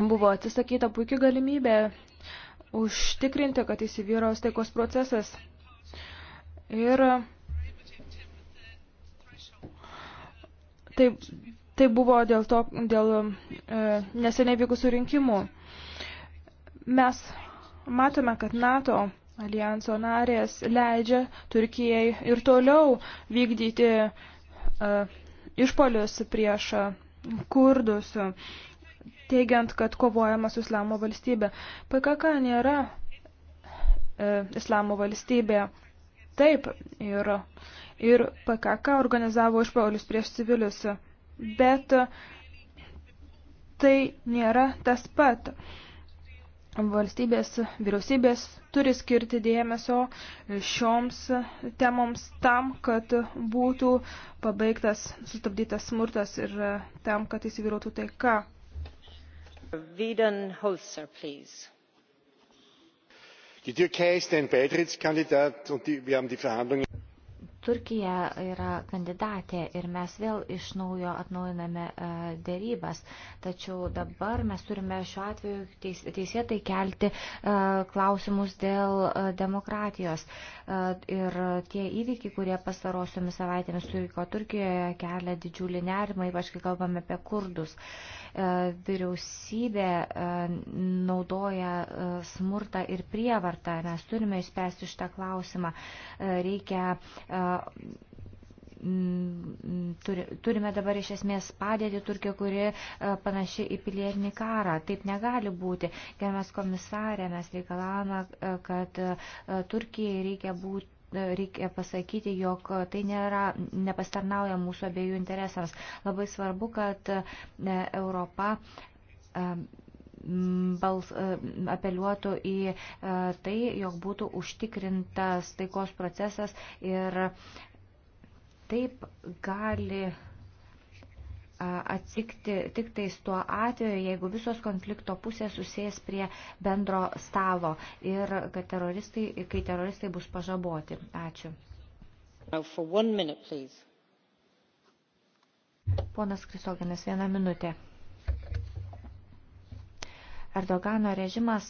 buvo atsisakyta puikia galimybė užtikrinti, kad įsivyraus taikos procesas. Ir taip Tai buvo dėl, to, dėl e, neseniai vykusių rinkimų. Mes matome, kad NATO alijanso narės leidžia Turkijai ir toliau vykdyti e, išpolius prieš kurdus, teigiant, kad kovojama su islamo valstybė. PKK nėra e, islamo valstybė. Taip, ir, ir PKK organizavo išpolius prieš civilius bet tai nėra tas pat. Valstybės vyriausybės turi skirti dėmesio šioms temoms tam, kad būtų pabaigtas, sustabdytas smurtas ir tam, kad įsivyrautų taika. Vidan Holzer, please die türkei ist ein beitrittskandidat und wir haben die verhandlungen. Turkija yra kandidatė ir mes vėl iš naujo atnaujiname e, dėrybas. Tačiau dabar mes turime šiuo atveju teisėtai kelti e, klausimus dėl e, demokratijos. Ir tie įvykiai, kurie pastarosiomis savaitėmis suvyko Turkijoje, kelia didžiulį nerimą, ypač kai kalbame apie kurdus. Vyriausybė naudoja smurtą ir prievartą. Mes turime išspręsti šitą klausimą. Reikia turime dabar iš esmės padėti Turkiją, kuri e, panaši į pilietinį karą. Taip negali būti. Gerbiamas komisarė, mes reikalavome, e, kad e, Turkijai reikia būti. Reikia pasakyti, jog tai nėra, nepastarnauja mūsų abiejų interesams. Labai svarbu, kad Europa bals, e, apeliuotų į e, tai, jog būtų užtikrintas taikos procesas ir taip gali e, atsikti tik tais tuo atveju, jeigu visos konflikto pusės susės prie bendro stalo ir kad teroristai, kai teroristai bus pažaboti. Ačiū. Minute, Ponas Krisoginas, vieną minutę. Erdogano režimas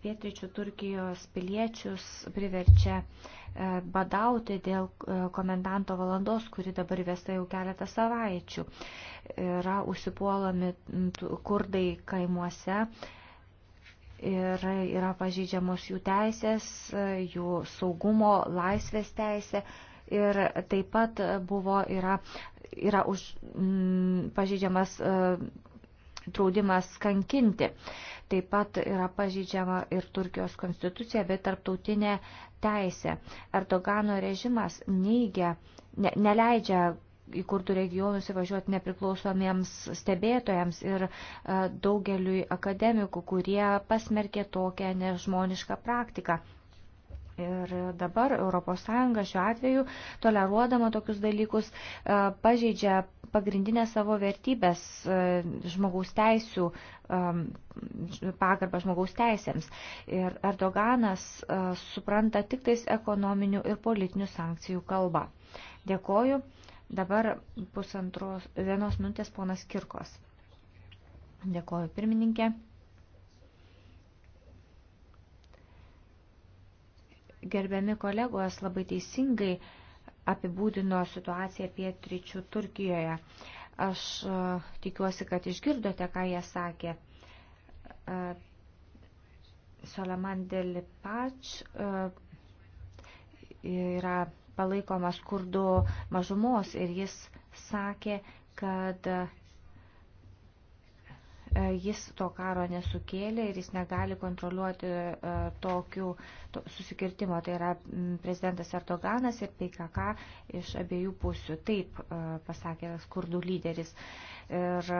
pietryčių Turkijos piliečius priverčia e, badauti dėl e, komendanto valandos, kuri dabar vesta jau keletą savaičių. Yra užsipuolami kurdai kaimuose ir yra pažydžiamos jų teisės, e, jų saugumo, laisvės teisė. Ir taip pat buvo, yra, yra už, m, pažydžiamas m, draudimas kankinti. Taip pat yra pažydžiama ir Turkijos konstitucija, bet tarptautinė teisė. Erdogano režimas neigia, ne, neleidžia į kurdų regionus įvažiuoti nepriklausomiems stebėtojams ir e, daugeliui akademikų, kurie pasmerkė tokią nežmonišką praktiką. Ir dabar ES šiuo atveju, toleruodama tokius dalykus, e, pažeidžia pagrindinę savo vertybės e, žmogaus teisų e, pagarbą žmogaus teisėms. Ir Erdoganas supranta tik tais ekonominių ir politinių sankcijų kalbą. Dėkoju. Dabar pusantros vienos minutės ponas Kirkos. Dėkoju pirmininkė. gerbiami kolegos labai teisingai apibūdino situaciją pietryčių Turkijoje. Aš e, tikiuosi, kad išgirdote, ką jie sakė. E, Salaman Delipač e, yra palaikomas kurdų mažumos ir jis sakė, kad uh, E, jis to karo nesukėlė ir jis negali kontroliuoti e, tokių to, susikirtimo. Tai yra prezidentas Erdoganas ir PKK iš abiejų pusių. Taip e, pasakė skurdų lyderis. Ir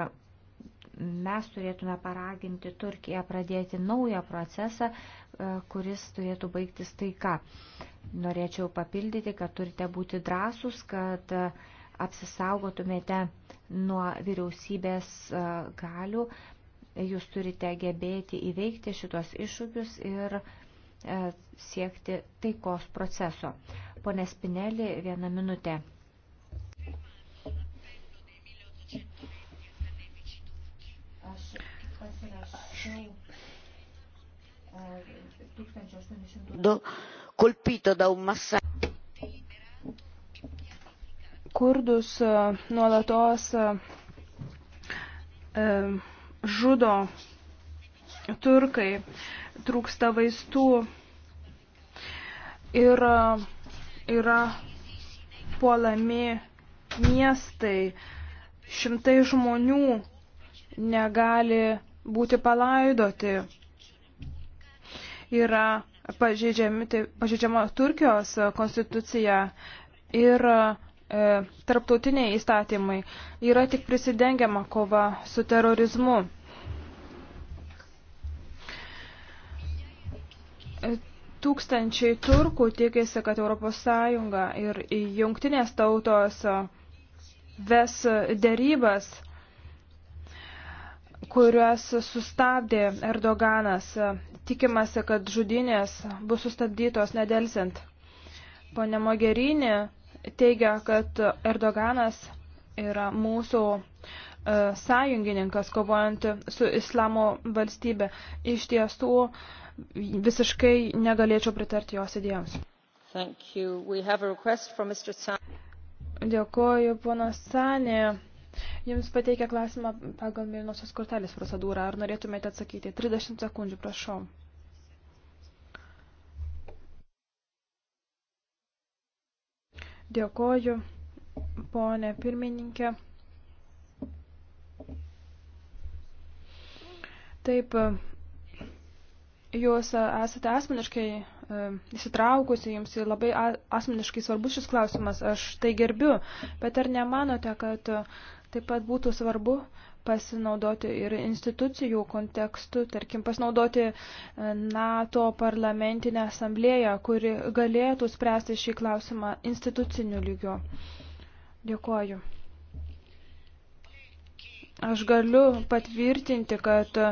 mes turėtume paraginti Turkiją pradėti naują procesą, kuris turėtų baigtis taika. Norėčiau papildyti, kad turite būti drąsus, kad apsisaugotumėte nuo vyriausybės e, galių. Jūs turite gebėti įveikti šitos iššūkius ir e, siekti taikos proceso. Pone Spinelį, vieną minutę. Aš pasirašiau 1800 e, colpito da un massacro kurdus e, nuolatos e, e, žudo turkai, trūksta vaistų ir yra puolami miestai, šimtai žmonių negali būti palaidoti. Yra tai, pažeidžiama Turkijos konstitucija ir uh, e, tarptautiniai įstatymai yra tik prisidengiama kova su terorizmu. E, tūkstančiai turkų tikėsi, kad ES ir jungtinės tautos ves dėrybas, kurias sustabdė Erdoganas. Tikimasi, kad žudinės bus sustabdytos nedelsint. Pone Mogerinė teigia, kad Erdoganas yra mūsų e, sąjungininkas kovojant su islamo valstybė. Iš tiesų visiškai negalėčiau pritarti jos idėjams. Dėkoju, ponas Sanė. Jums pateikia klausimą pagal mėlynosios kortelės procedūrą. Ar norėtumėte atsakyti? 30 sekundžių, prašau. Dėkoju, ponė pirmininkė. Taip, jūs esate asmeniškai e, įsitraukusi, jums labai asmeniškai svarbus šis klausimas, aš tai gerbiu, bet ar nemanote, kad e, taip pat būtų svarbu pasinaudoti ir institucijų kontekstu, tarkim, pasinaudoti e, NATO parlamentinę asamblėją, kuri galėtų spręsti šį klausimą instituciniu lygiu. Dėkuoju. Aš galiu patvirtinti, kad e,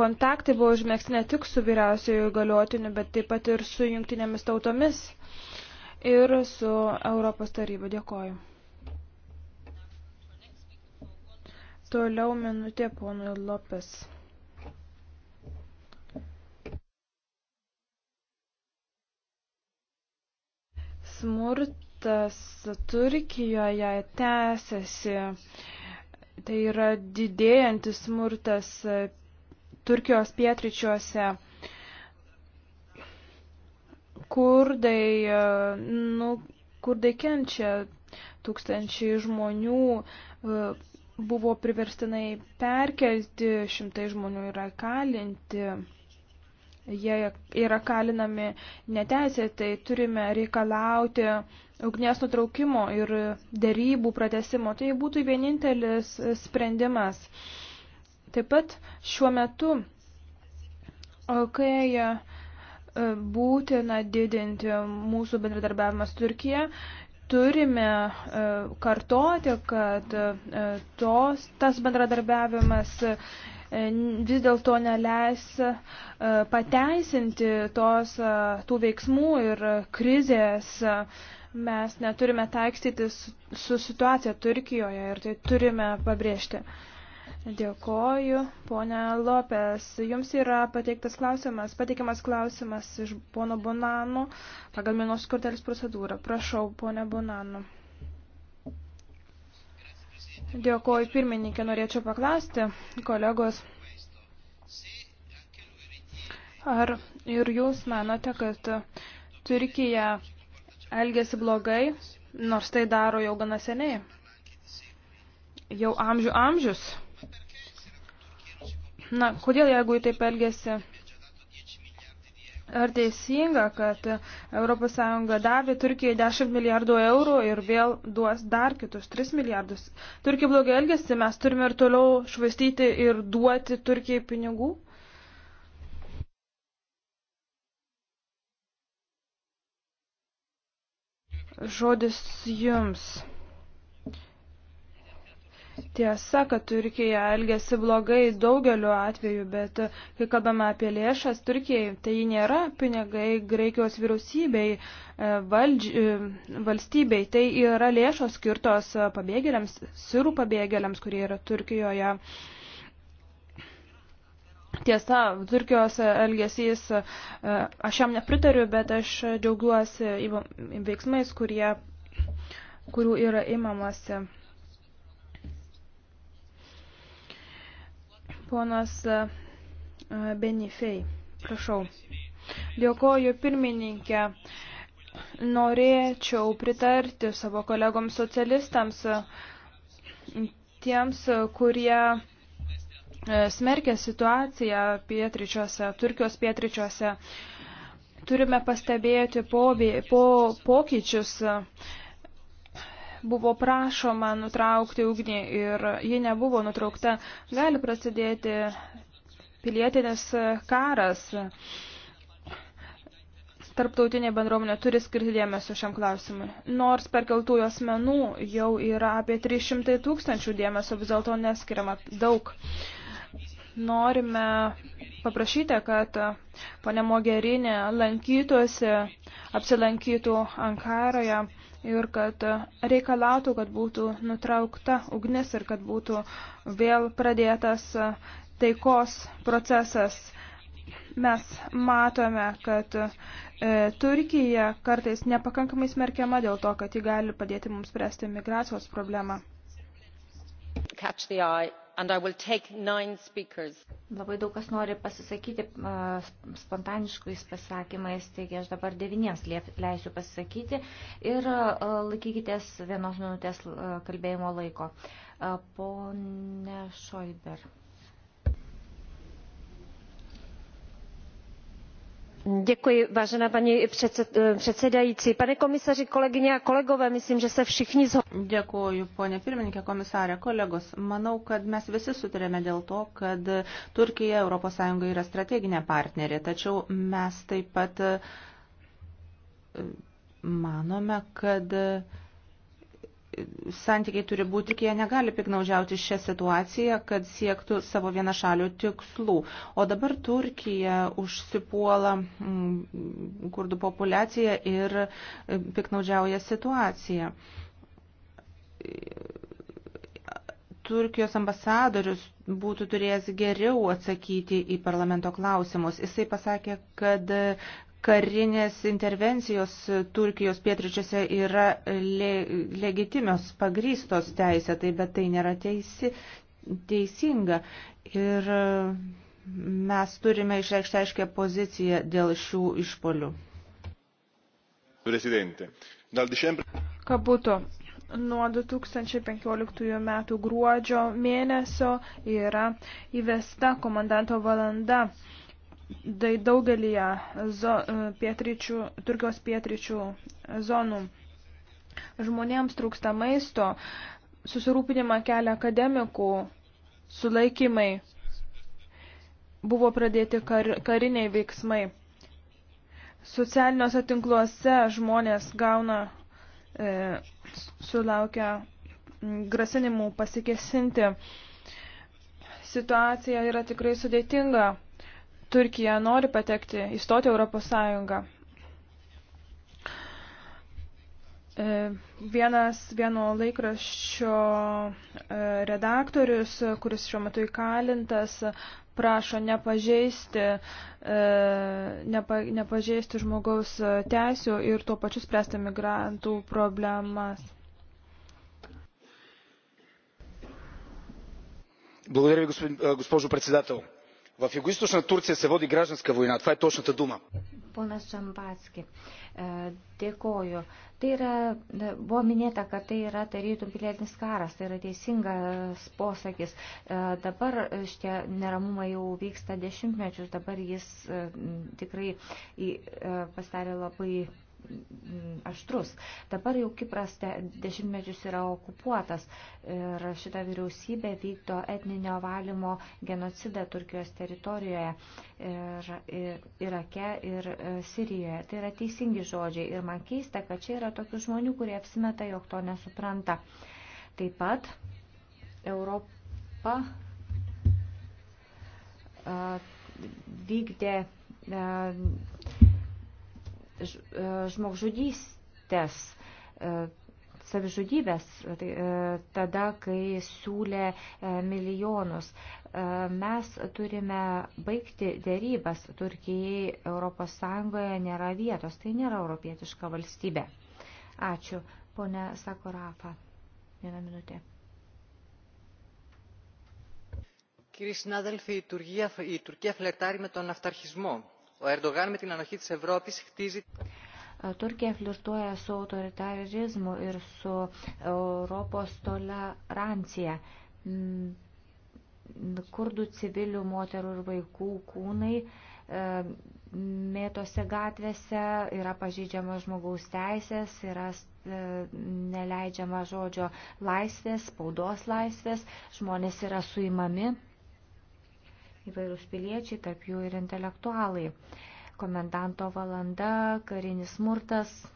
kontaktai buvo užmėgsti ne tik su vyriausiojo galiotiniu, bet taip pat ir su jungtinėmis tautomis ir su Europos taryba. Dėkuoju. Toliau minutė ponui Lopes. Smurtas Turkijoje tęsiasi. Tai yra didėjantis smurtas Turkijos pietričiuose. Kurdai, nu, kurdai kenčia tūkstančiai žmonių buvo priverstinai perkelti, šimtai žmonių yra kalinti, jie yra kalinami neteisėtai, tai turime reikalauti ugnies nutraukimo ir dėrybų pratesimo. Tai būtų vienintelis sprendimas. Taip pat šiuo metu, kai būtina didinti mūsų bendradarbiavimą su Turkija, turime e, kartoti, kad e, tos, tas bendradarbiavimas e, vis dėlto neleis pateisinti tos, tų veiksmų ir krizės. Mes neturime taikstytis su situacija Turkijoje ir tai turime pabrėžti. Dėkoju, ponia Lopes. Jums yra pateiktas klausimas, pateikiamas klausimas iš pono Bonano pagal minos kortelės procedūrą. Prašau, ponia Bonano. Dėkoju, pirmininkė, norėčiau paklausti, kolegos, ar ir jūs manote, kad Turkija elgėsi blogai, nors tai daro jau gana seniai? Jau amžių amžius. Na, kodėl jeigu jį taip elgėsi? Ar teisinga, kad ES davė Turkijai 10 milijardų eurų ir vėl duos dar kitus 3 milijardus? Turkija blogai elgesi, mes turime ir toliau švaistyti ir duoti Turkijai pinigų? Žodis jums. Tiesa, kad Turkija elgesi blogai daugeliu atveju, bet e, kai kalbame apie lėšas Turkijai, tai nėra pinigai Graikijos vyriausybei, e, valdž... E, valstybei, tai yra lėšos skirtos pabėgėliams, sirų pabėgėliams, kurie yra Turkijoje. Tiesa, Turkijos elgesys, aš jam nepritariu, bet aš džiaugiuosi veiksmais, kurie, kurių yra imamasi. Ponas e, e, Benifei, prašau. Dėkoju pirmininkė. Norėčiau pritarti savo kolegoms socialistams, tiems, kurie e, smerkia situaciją pietričiuose, Turkijos pietričiuose. Turime pastebėti po, po, pokyčius. Po buvo prašoma nutraukti ugnį ir ji nebuvo nutraukta, gali prasidėti pilietinis karas. Tarptautinė bendruomenė turi skirti dėmesio šiam klausimui. Nors perkeltųjų asmenų jau yra apie 300 tūkstančių dėmesio, vis dėlto neskiriama daug. Norime paprašyti, kad ponė Mogerinė lankytųsi, apsilankytų Ankaroje ir kad reikalautų, kad būtų nutraukta ugnis ir kad būtų vėl pradėtas taikos procesas. Mes matome, kad e, Turkija kartais nepakankamai smerkiama dėl to, kad ji gali padėti mums spręsti migracijos problemą. Catch the eye. Labai daug kas nori pasisakyti spontaniškais pasakymais, taigi aš dabar devyniems leisiu pasisakyti ir laikykitės vienos minutės kalbėjimo laiko. Pone Šoiber. Děkuji, vážená paní předsedající. Pane komisaři, kolegyně a kolegové, myslím, že se všichni zhodneme. Dėkuoju, ponė pirmininkė, komisarė, kolegos. Manau, kad mes visi sutarėme dėl to, kad Turkija ES yra strateginė partnerė, tačiau mes taip pat e, manome, kad santykiai turi būti, jie negali piknaudžiauti šią situaciją, kad siektų savo vienašalių tikslų. O dabar Turkija užsipuola mm, kurdų populaciją ir e, piknaudžiauja situaciją. Turkijos ambasadorius būtų turėjęs geriau atsakyti į parlamento klausimus. Jisai pasakė, kad karinės intervencijos Turkijos pietričiuose yra le, legitimios, pagrystos teisė, tai bet tai nėra teisi, teisinga. Ir e, mes turime išreikšti aiškę poziciją dėl šių išpolių. Kabuto. Nuo 2015 m. gruodžio mėnesio yra įvesta komandanto valanda tai daugelį e, e, pietryčių, Turkijos pietryčių e, zonų. Žmonėms trūksta maisto, susirūpinimą kelia akademikų sulaikymai, buvo pradėti kar, kariniai veiksmai. Socialiniuose tinkluose žmonės gauna, e, sulaukia grasinimų pasikesinti. Situacija yra tikrai sudėtinga. Turkija nori patekti įstoti Europos Sąjungą. E, vienas vieno laikraščio e, redaktorius, kuris šiuo metu įkalintas, prašo nepažeisti, e, nepa, nepažeisti žmogaus teisių ir tuo pačiu spręsti migrantų problemas. Благодаря ви, госпожо председател В югоизточна Турция се води гражданска война. Това е точната дума. Ponas Čambatski, dėkoju. Tai yra, buvo minėta, kad tai yra tarytum pilietinis karas, tai yra teisingas posakis. Dabar šitie neramumai jau vyksta dešimtmečius, dabar jis tikrai pastarė labai aštrus. Dabar jau Kipras dešimtmečius yra okupuotas ir šita vyriausybė vykdo etninio valymo genocidą Turkijos teritorijoje ir, ir Irake ir e, Sirijoje. Tai yra teisingi žodžiai ir man keista, kad čia yra tokių žmonių, kurie apsimeta, jog to nesupranta. Taip pat Europa e, vykdė e, E, žmogžudystės, e, savižudybės, tai, e, tada, kai siūlė milijonus. Mes turime baigti dėrybas Turkijai Europos Sąjungoje nėra vietos, tai nėra europietiška valstybė. Ačiū, ponė Sakorafa. Vieną minutę. Κύριοι συνάδελφοι, η Τουρκία, η Τουρκία φλερτάρει με τον αυταρχισμό Ο Ερντογάν με την ανοχή της Ευρώπης χτίζει... Turkija flirtuoja su autoritarizmu ir su Europos tolerancija. Kurdų civilių moterų ir vaikų kūnai mėtose gatvėse, yra pažydžiamas žmogaus teisės, yra neleidžiama žodžio laisvės, spaudos laisvės, žmonės yra suimami įvairūs piliečiai, tarp jų ir intelektualai. Komendanto valanda, karinis smurtas e,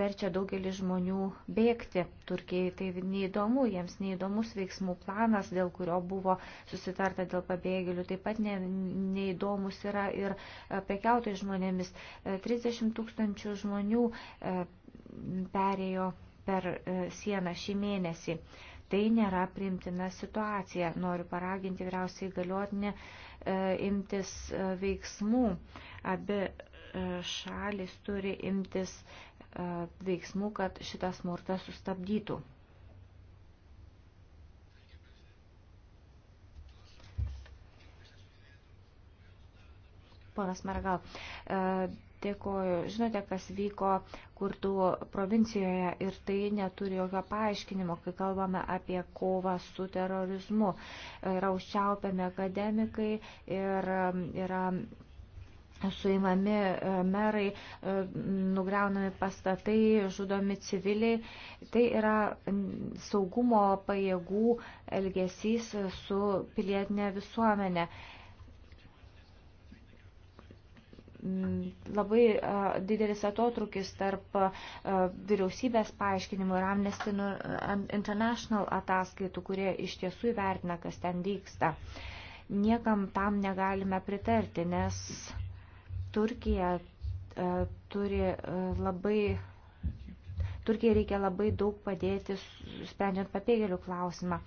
verčia daugelį žmonių bėgti. Turkijai tai neįdomu, jiems neįdomus veiksmų planas, dėl kurio buvo susitarta dėl pabėgėlių. Taip pat ne, neįdomus yra ir e, prekiautai žmonėmis. 30 e, tūkstančių žmonių perėjo per sieną šį mėnesį. Tai nėra priimtina situacija. Noriu paraginti vyriausiai galiotinę e, imtis e, veiksmų. Abi e, šalis turi imtis veiksmų, kad šitą smurtą sustabdytų. Ponas Margal, Dėkuoju. Žinote, kas vyko kurdų provincijoje ir tai neturi jokio paaiškinimo, kai kalbame apie kovą su terorizmu. Yra užčiaupiami akademikai ir um, yra suimami e, merai, e, nugriaunami pastatai, žudomi civiliai. Tai yra saugumo pajėgų elgesys su pilietinė visuomenė. Mm, labai didelis atotrukis tarp vyriausybės paaiškinimų ir Amnesty nu, International ataskaitų, kurie iš tiesų įvertina, kas ten vyksta. Niekam tam negalime pritarti, nes Turkija turi labai Turkijai reikia labai daug padėti, sprendžiant pabėgėlių klausimą.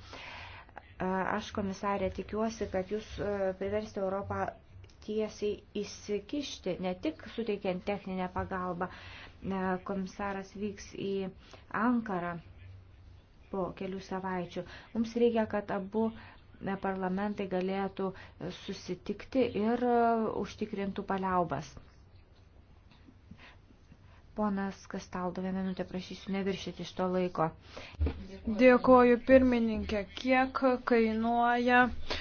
Aš, komisarė, tikiuosi, kad jūs priversite Europą tiesiai įsikišti, ne tik suteikiant techninę pagalbą. Komisaras vyks į Ankarą po kelių savaičių. Mums reikia, kad abu parlamentai galėtų susitikti ir uh, užtikrintų paliaubas. Ponas Kastaldo, vieną minutę prašysiu neviršyti iš to laiko. Dėkoju pirmininkė, kiek kainuoja uh,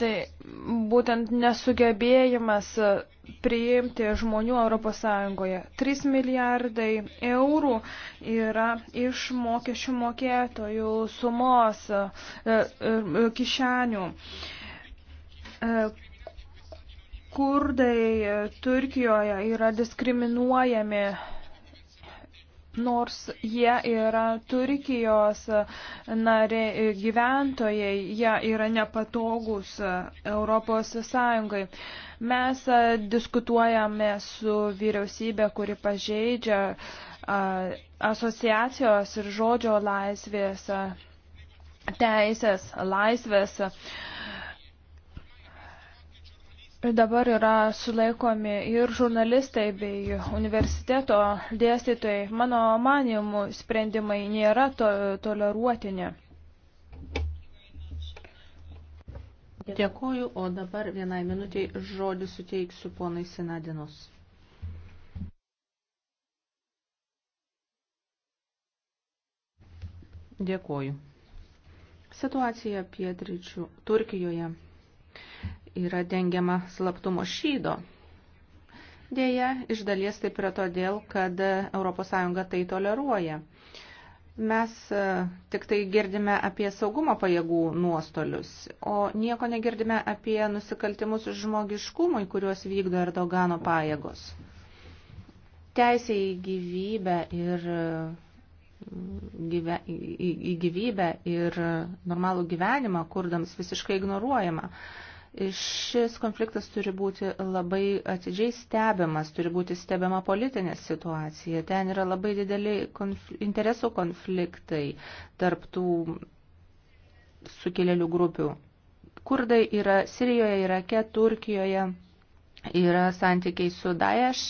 Tai būtent nesugebėjimas priimti žmonių ES. 3 milijardai eurų yra iš mokesčių mokėtojų sumos e, e, kišenių. E, kurdai Turkijoje yra diskriminuojami nors jie yra Turkijos narė gyventojai, jie yra nepatogus Europos Sąjungai. Mes diskutuojame su vyriausybė, kuri pažeidžia asociacijos ir žodžio laisvės teisės, laisvės. laisvės Dabar yra sulaikomi ir žurnalistai bei universiteto dėstytojai. Mano manimų sprendimai nėra to, toleruotini. Dėkoju, o dabar vienai minutiai žodį suteiksiu ponai Sinadinos. Dėkoju. Situacija pietryčių Turkijoje yra dengiama slaptumo šydo. Dėja, iš dalies taip yra todėl, kad ES tai toleruoja. Mes e, tik tai girdime apie saugumo pajėgų nuostolius, o nieko negirdime apie nusikaltimus žmogiškumui, kuriuos vykdo Erdogano pajėgos. Teisė į gyvybę ir mm, gyve, į, į gyvybę ir normalų gyvenimą kurdams visiškai ignoruojama. Šis konfliktas turi būti labai atidžiai stebimas, turi būti stebima politinė situacija. Ten yra labai dideliai konfl interesų konfliktai tarptų sukilėlių grupių. Kurdai yra Sirijoje, Irake, Turkijoje, yra santykiai su Daesh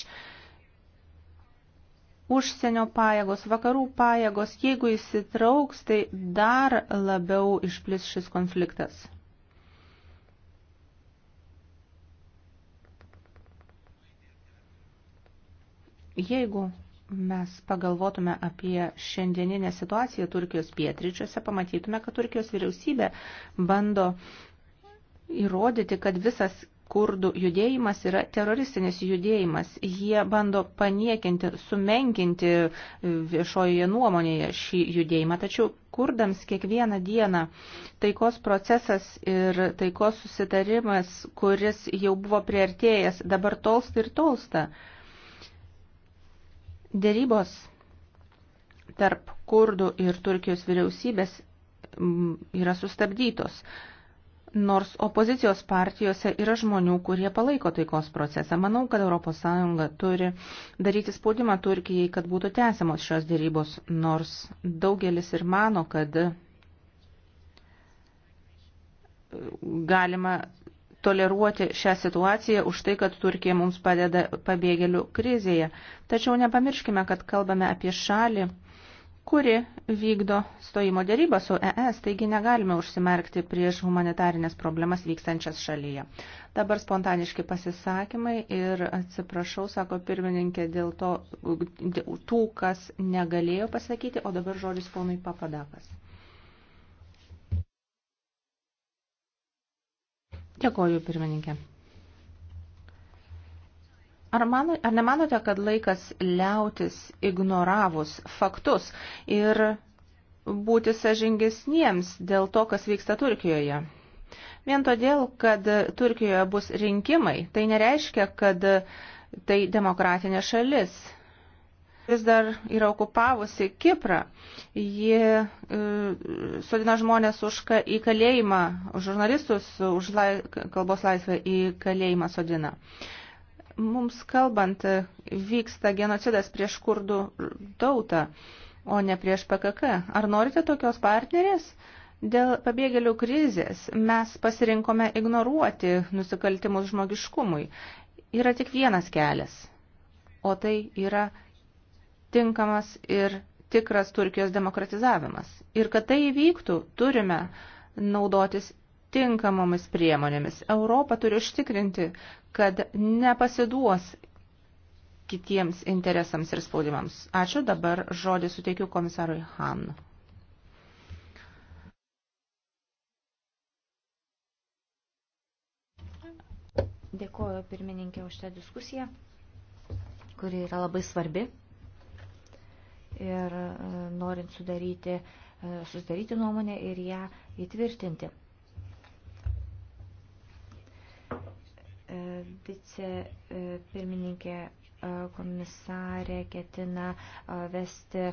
užsienio pajėgos, vakarų pajėgos, jeigu įsitrauks, tai dar labiau išplis šis konfliktas. Jeigu mes pagalvotume apie šiandieninę situaciją Turkijos pietryčiuose, pamatytume, kad Turkijos vyriausybė bando įrodyti, kad visas kurdų judėjimas yra teroristinis judėjimas. Jie bando paniekinti, sumenkinti viešojoje nuomonėje šį judėjimą. Tačiau kurdams kiekvieną dieną taikos procesas ir taikos susitarimas, kuris jau buvo priartėjęs, dabar tolsta ir tolsta. Dėrybos tarp kurdų ir Turkijos vyriausybės mm, yra sustabdytos, nors opozicijos partijose yra žmonių, kurie palaiko taikos procesą. Manau, kad ES turi daryti spaudimą Turkijai, kad būtų tęsiamos šios dėrybos, nors daugelis ir mano, kad galima toleruoti šią situaciją už tai, kad Turkija mums padeda pabėgėlių krizėje. Tačiau nepamirškime, kad kalbame apie šalį, kuri vykdo stojimo dėrybą su ES, taigi negalime užsimerkti prieš humanitarinės problemas vykstančias šalyje. Dabar spontaniški pasisakymai ir atsiprašau, sako pirmininkė, dėl to, dėl tų, kas negalėjo pasakyti, o dabar žodis ponui Papadakas. Dėkoju, pirmininkė. Ar, mano, ar nemanote, kad laikas liautis ignoravus faktus ir būti sažingesniems dėl to, kas vyksta Turkijoje? Vien todėl, kad Turkijoje bus rinkimai, tai nereiškia, kad tai demokratinė šalis vis dar yra okupavusi Kiprą. Ji e, sodina žmonės už ka, į kalėjimą, už žurnalistus už lai, kalbos laisvę į kalėjimą sodina. Mums kalbant, vyksta genocidas prieš kurdų tautą, o ne prieš PKK. Ar norite tokios partnerės? Dėl pabėgėlių krizės mes pasirinkome ignoruoti nusikaltimus žmogiškumui. Yra tik vienas kelias, o tai yra tinkamas ir tikras Turkijos demokratizavimas. Ir kad tai įvyktų, turime naudotis tinkamomis priemonėmis. Europa turi užtikrinti, kad nepasiduos kitiems interesams ir spaudimams. Ačiū, dabar žodį suteikiu komisarui Han. Dėkuoju pirmininkė už šią diskusiją, kuri yra labai svarbi ir e, norint sudaryti, e, susidaryti nuomonę ir ją įtvirtinti. E, vice pirmininkė komisarė ketina vesti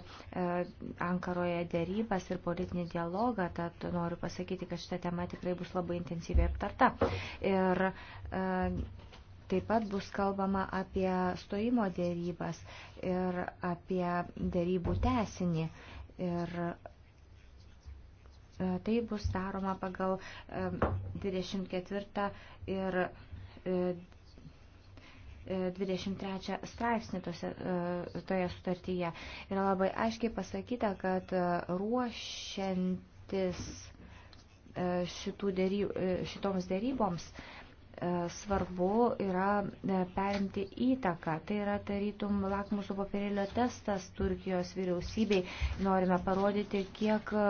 Ankaroje dėrybas ir politinį dialogą, tad noriu pasakyti, kad šita tema tikrai bus labai intensyviai aptarta. Ir Taip pat bus kalbama apie stojimo dėrybas ir apie dėrybų tesinį. Ir e, tai bus daroma pagal 24 e, ir 23 e, straipsnį tose, toje sutartyje. Yra labai aiškiai pasakyta, kad ruošiantis šitų dėry, šitoms dėryboms E, svarbu yra e, perimti įtaką. Tai yra tarytum lakmusų papirėlio testas Turkijos vyriausybei. Norime parodyti, kiek e,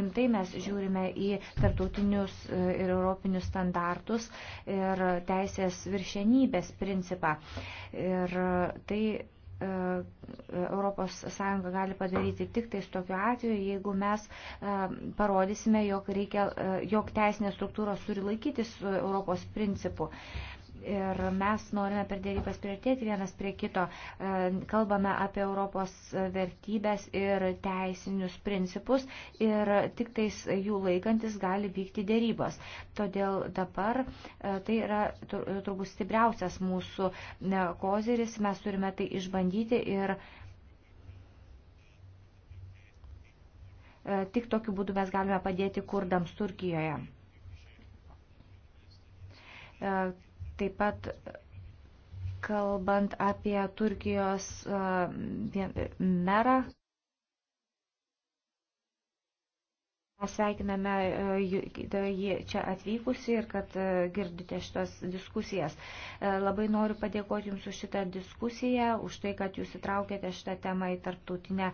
rimtai mes žiūrime į tartautinius ir europinius standartus ir teisės viršenybės principą. Ir tai ES gali padaryti tik tais tokiu atveju, jeigu mes e, parodysime, jog, reikia, e, jog teisinė struktūra turi laikytis Europos principų. Ir mes norime per dėrybas prieartėti vienas prie kito. E, kalbame apie Europos vertybės ir teisinius principus ir tik tais jų laikantis gali vykti dėrybos. Todėl dabar e, tai yra turbūt stipriausias mūsų e, koziris. Mes turime tai išbandyti ir tik tokiu būdu mes galime padėti kurdams Turkijoje Taip pat kalbant apie Turkijos merą, Mes sveikiname jį čia atvykusi ir kad girdite šitas diskusijas. Labai noriu padėkoti Jums už šitą diskusiją, už tai, kad Jūs įtraukėte šitą temą į tarptautinę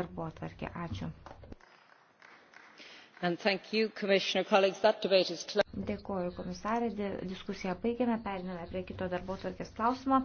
darbo atvarkę. Ačiū. You, is... Dėkuoju komisarė, diskusija baigėme, periname prie kito darbo tvarkės klausimo.